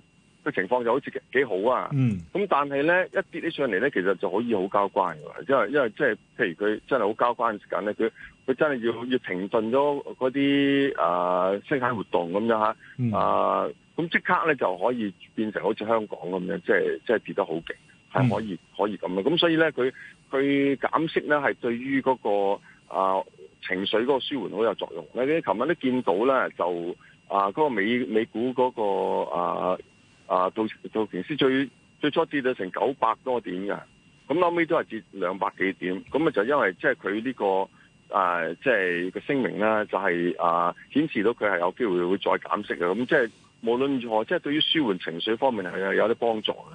J: 個情況就好似幾好啊！咁、嗯、但係咧，一跌起上嚟咧，其實就可以好交關嘅。因為因為即係譬如佢真係好交關嘅時間咧，佢佢真係要要停頓咗嗰啲誒生產活動咁樣嚇啊！咁、呃、即刻咧就可以變成好似香港咁樣，即係即係跌得好勁，係、嗯、可以可以咁嘅。咁所以咧，佢佢減息咧係對於嗰、嗰個啊、呃、情緒嗰個舒緩好有作用。你啲琴日都見到咧，就啊嗰個美美股嗰、嗰個啊～、呃啊，到到前市最最初跌到成九百多點嘅，咁後尾都係跌兩百幾點，咁啊就因為即係佢呢個啊、呃、即係個聲明咧，就係啊顯示到佢係有機會會再減息嘅，咁即係無論如何，即係對於舒緩情緒方面係有啲幫助嘅。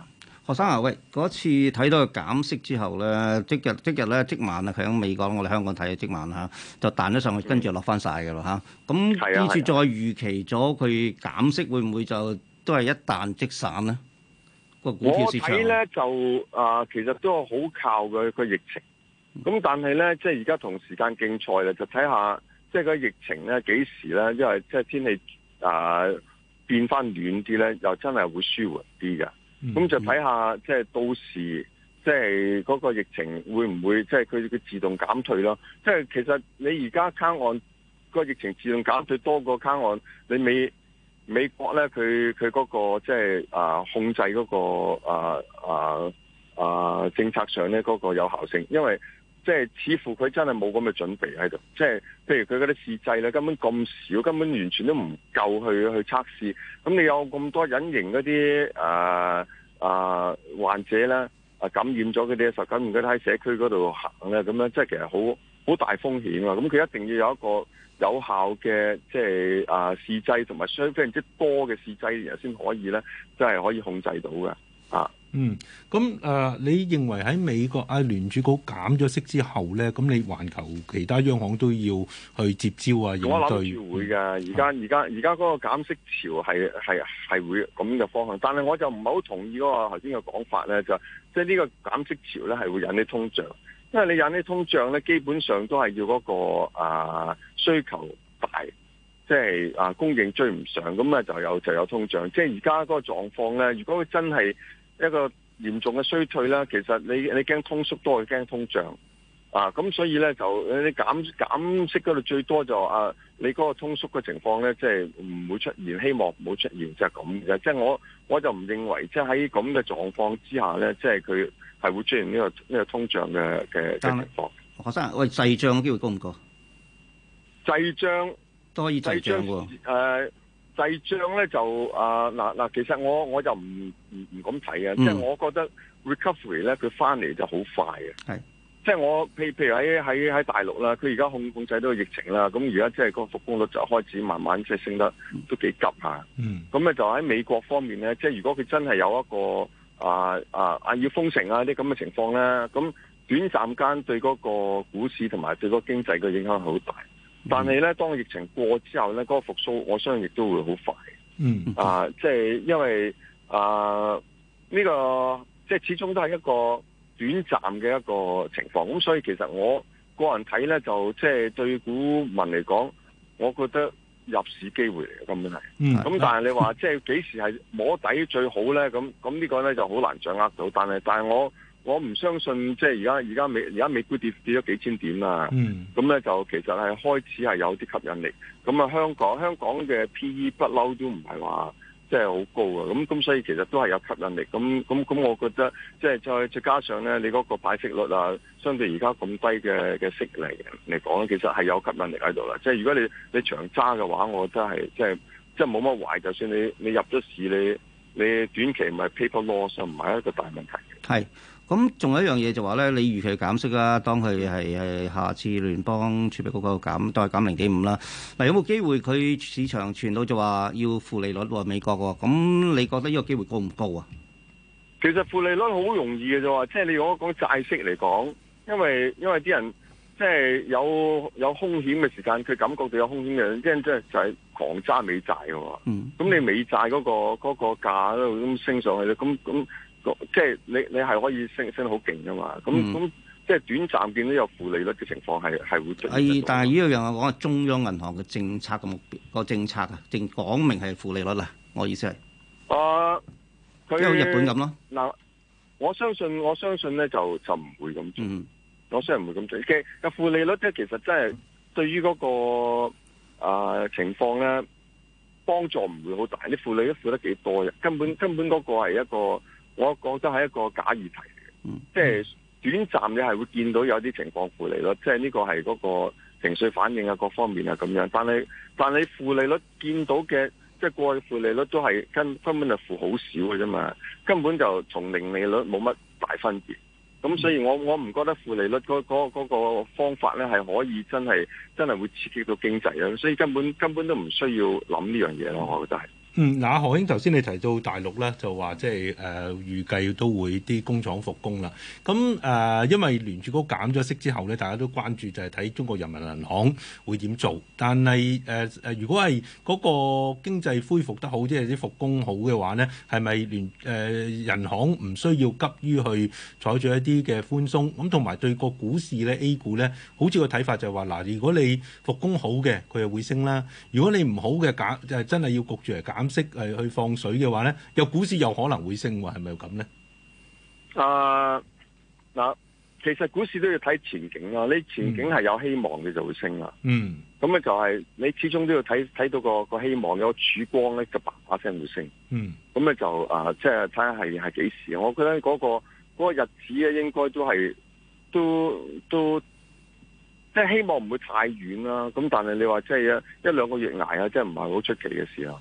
B: 學生啊，喂，嗰次睇到佢減息之後咧，即日即日咧，即晚啊，喺美國我哋香港睇啊，即晚嚇就彈咗上去，嗯、跟住落翻晒嘅咯嚇。咁、啊、呢次再預期咗佢減息會唔會就？都係一彈即散咧。個股市咧
J: 就啊、呃，其實都係好靠佢個疫情。咁但係咧，即係而家同時間競賽嘅，就睇下即係個疫情咧幾時咧，因為即係天氣啊、呃、變翻暖啲咧，又真係會舒緩啲嘅。咁、嗯嗯、就睇下即係到時即係嗰個疫情會唔會即係佢佢自動減退咯。即係其實你而家 count on，個疫情自動減退多過 count on，你未？美國咧，佢佢嗰個即係啊，控制嗰個啊啊啊政策上咧嗰個有效性，因為即係似乎佢真係冇咁嘅準備喺度，即係譬如佢嗰啲試劑咧，根本咁少，根本完全都唔夠去去測試。咁你有咁多隱形嗰啲啊啊患者，咧啊感染咗佢哋嘅時候，咁唔覺得喺社區嗰度行咧，咁樣即係其實好好大風險啊！咁佢一定要有一個。有效嘅即係啊、呃，試劑同埋相非常之多嘅試劑，然後先可以咧，即係可以控制到嘅啊。
A: 嗯，咁誒、呃，你認為喺美國啊聯儲局減咗息之後咧，咁你環球其他央行都要去接招啊？應對會噶
J: 而家而家而家嗰個減息潮係係係會咁嘅方向，但係我就唔係好同意嗰個頭先嘅講法咧，就即係呢個減息潮咧係會引起通脹。因為你引起通脹咧，基本上都係要嗰個啊需求大，即係啊供應追唔上，咁咧就有就有通脹。即係而家嗰個狀況咧，如果佢真係一個嚴重嘅衰退啦，其實你你驚通縮多，你驚通，通脹。啊，咁所以咧就你減減息嗰度最多就是，啊，你嗰個通縮嘅情況咧，即係唔會出現，希望唔會出現就係咁嘅。即係我我就唔認為，即係喺咁嘅狀況之下咧，即係佢係會出現呢個呢個通脹嘅嘅
B: 情況。學生，喂，滯脹嘅機會高唔高？
J: 滯脹都
B: 可以滯脹
J: 喎。誒，滯脹咧就啊嗱嗱，其實我我就唔唔唔咁睇嘅，即係，啊嗯、我覺得 recovery 咧，佢翻嚟就好快嘅。係。即係我，譬譬如喺喺喺大陸啦，佢而家控控制到疫情啦，咁而家即係嗰個復工率就開始慢慢即係升得都幾急吓。咁咧、嗯、就喺美國方面咧，即係如果佢真係有一個啊啊啊要封城啊啲咁嘅情況咧，咁短暫間對嗰個股市同埋對個經濟嘅影響好大。嗯、但係咧，當疫情過之後咧，嗰、嗰個復甦我相信亦都會好快。嗯啊、okay. 呃即係呃呢個，即係因為啊呢個即係始終都係一個。短暫嘅一個情況，咁所以其實我個人睇咧，就即係對股民嚟講，我覺得入市機會嚟嘅根本係，咁、嗯、但係你話 即係幾時係摸底最好咧？咁咁呢個咧就好難掌握到，但係但係我我唔相信即係而家而家美而家美股跌跌咗幾千點啦，咁咧、嗯、就其實係開始係有啲吸引力，咁啊香港香港嘅 PE 不嬲都唔係話。即係好高啊！咁咁所以其實都係有吸引力。咁咁咁我覺得即係再再加上咧，你嗰個擺息率啊，相對而家咁低嘅嘅息嚟嚟講，其實係有吸引力喺度啦。即係如果你你長揸嘅話，我覺得係即係即係冇乜壞。就算你你入咗市，你你短期唔係 paper loss 唔係一個大問題。
B: 係。咁仲有一樣嘢就話咧，你預期減息啦。當佢係係下次聯邦儲備嗰個減都係減零點五啦。嗱，有冇機會佢市場傳到就話要負利率喎、啊？美國喎、啊？咁你覺得呢個機會高唔高啊？
J: 其實負利率好容易嘅啫喎，即係你如果講債息嚟講，因為因為啲人即係有有風險嘅時間，佢感覺到有風險嘅，啲人即係就係狂揸美債嘅
D: 喎。
J: 咁你美債嗰個嗰個價喺度咁升上去咧，咁咁。即係你你係可以升升得好勁噶嘛？咁咁、嗯、即係短暫見到有負利率嘅情況係係會出、哎、但
B: 係呢樣嘢我講下中央銀行嘅政策嘅目標個政策啊，正講明係負利率啊。我意思係
J: 誒，即係、啊、日本咁咯。嗱，我相信我相信咧就就唔會咁做。嗯、我雖然唔會咁做，嘅個負利率咧其實真係對於嗰、那個啊、呃、情況咧幫助唔會好大。你負利率負得幾多嘅？根本根本嗰個係一個。我覺得係一個假議題即係、嗯、短暫你係會見到有啲情況負利率，即係呢個係嗰個情緒反應啊，各方面啊咁樣。但係但係負利率見到嘅即係過去負利率都係根根本就負好少嘅啫嘛，根本就從零利率冇乜大分別。咁所以我，我我唔覺得負利率嗰、嗰個嗰個方法呢係可以真係真係會刺激到經濟啊！所以根本根本都唔需要諗呢樣嘢咯，我覺得係。
A: 嗯，嗱，何兄，頭先你提到大陸咧，就話即係誒、呃、預計都會啲工廠復工啦。咁、嗯、誒、呃，因為聯儲局減咗息之後咧，大家都關注就係、是、睇中國人民銀行會點做。但係誒，誒、呃，如果係嗰個經濟恢復得好，即係啲復工好嘅話咧，係咪聯誒銀行唔需要急於去採取一啲嘅寬鬆？咁同埋對個股市咧，A 股咧，好似個睇法就係話，嗱、呃，如果你復工好嘅，佢又會升啦。如果你唔好嘅假，就係真係要焗住嚟減。咁式係去放水嘅話咧，有股市有可能會升，話係咪咁咧？
J: 啊，嗱，其實股市都要睇前景啦。你前景係有希望嘅，就會升啦。嗯，咁咧就係、係、你始終都要睇睇到個個希望有、個曙光咧，就叭叭聲會升。嗯，咁咧就啊、呃，即係睇下係係幾時？我覺得嗰、嗰個、嗰個日子咧，應該都係都都即係希望唔會太遠啦。咁但係你話即係一一兩個月挨啊，即係唔係好出奇嘅事啊。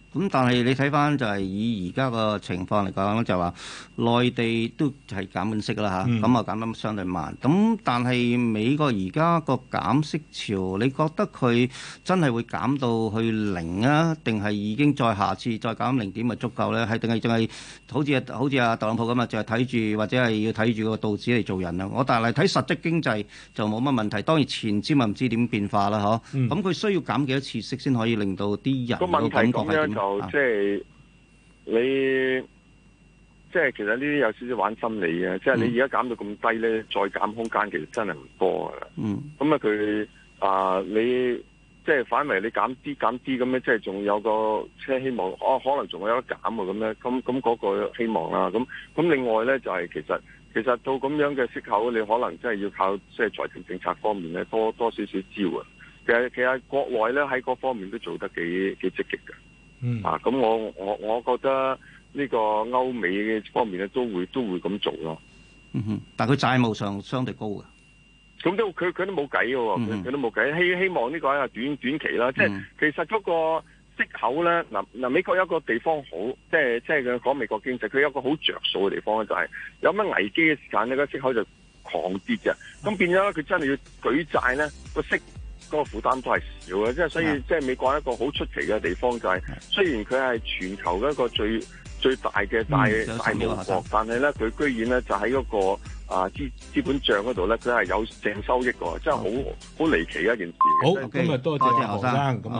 B: 咁但係你睇翻就係以而家個情況嚟講，就話內地都係減半息啦嚇，咁啊、嗯、減得相對慢。咁但係美國而家個減息潮，你覺得佢真係會減到去零啊？定係已經再下次再減零點咪足夠呢？係定係仲係好似好似阿特朗普咁啊？仲係睇住或者係要睇住個道指嚟做人啊？我但係睇實質經濟就冇乜問題。當然前知唔知點變化啦嗬。咁佢、嗯、需要減幾多次息先可以令到啲人個感覺係點？嗯嗯嗯嗯嗯就即係
J: 你，即係其實呢啲有少少玩心理嘅，即係你而家減到咁低咧，再減空間其實真係唔多噶啦。嗯，咁啊佢啊你，即係反為你減啲減啲咁咧，即係仲有個車希望哦、啊，可能仲有得減啊咁咧，咁咁嗰個希望啦。咁咁另外咧就係、是、其實其實到咁樣嘅息口，你可能真係要靠即係財政政策方面咧多多少少支援。其實其實國內咧喺各方面都做得幾幾積極嘅。嗯、啊，咁我我我覺得呢個歐美嘅方面咧都會都會咁做咯。嗯哼，
B: 但係佢債務上相對高嘅，
J: 咁都佢佢都冇計嘅，佢佢、嗯、都冇計。希希望呢個係短短期啦，即係、嗯、其實嗰個息口咧，嗱、啊、嗱、啊、美國有一個地方好，即係即係講美國經濟，佢有一個好着數嘅地方咧，就係、是、有乜危機嘅時間咧，個息口就狂跌嘅，咁變咗佢真係要舉債咧、個息。嗰個負擔都係少嘅，即係所以即係美國一個好出奇嘅地方就係、是，雖然佢係全球一個最最大嘅大、嗯、大美國，但係咧佢居然咧就喺嗰個啊資資本帳嗰度咧，
D: 佢係有正收益喎，真係好好離奇一件事。好，咁啊，多謝啊，多謝 先生。哦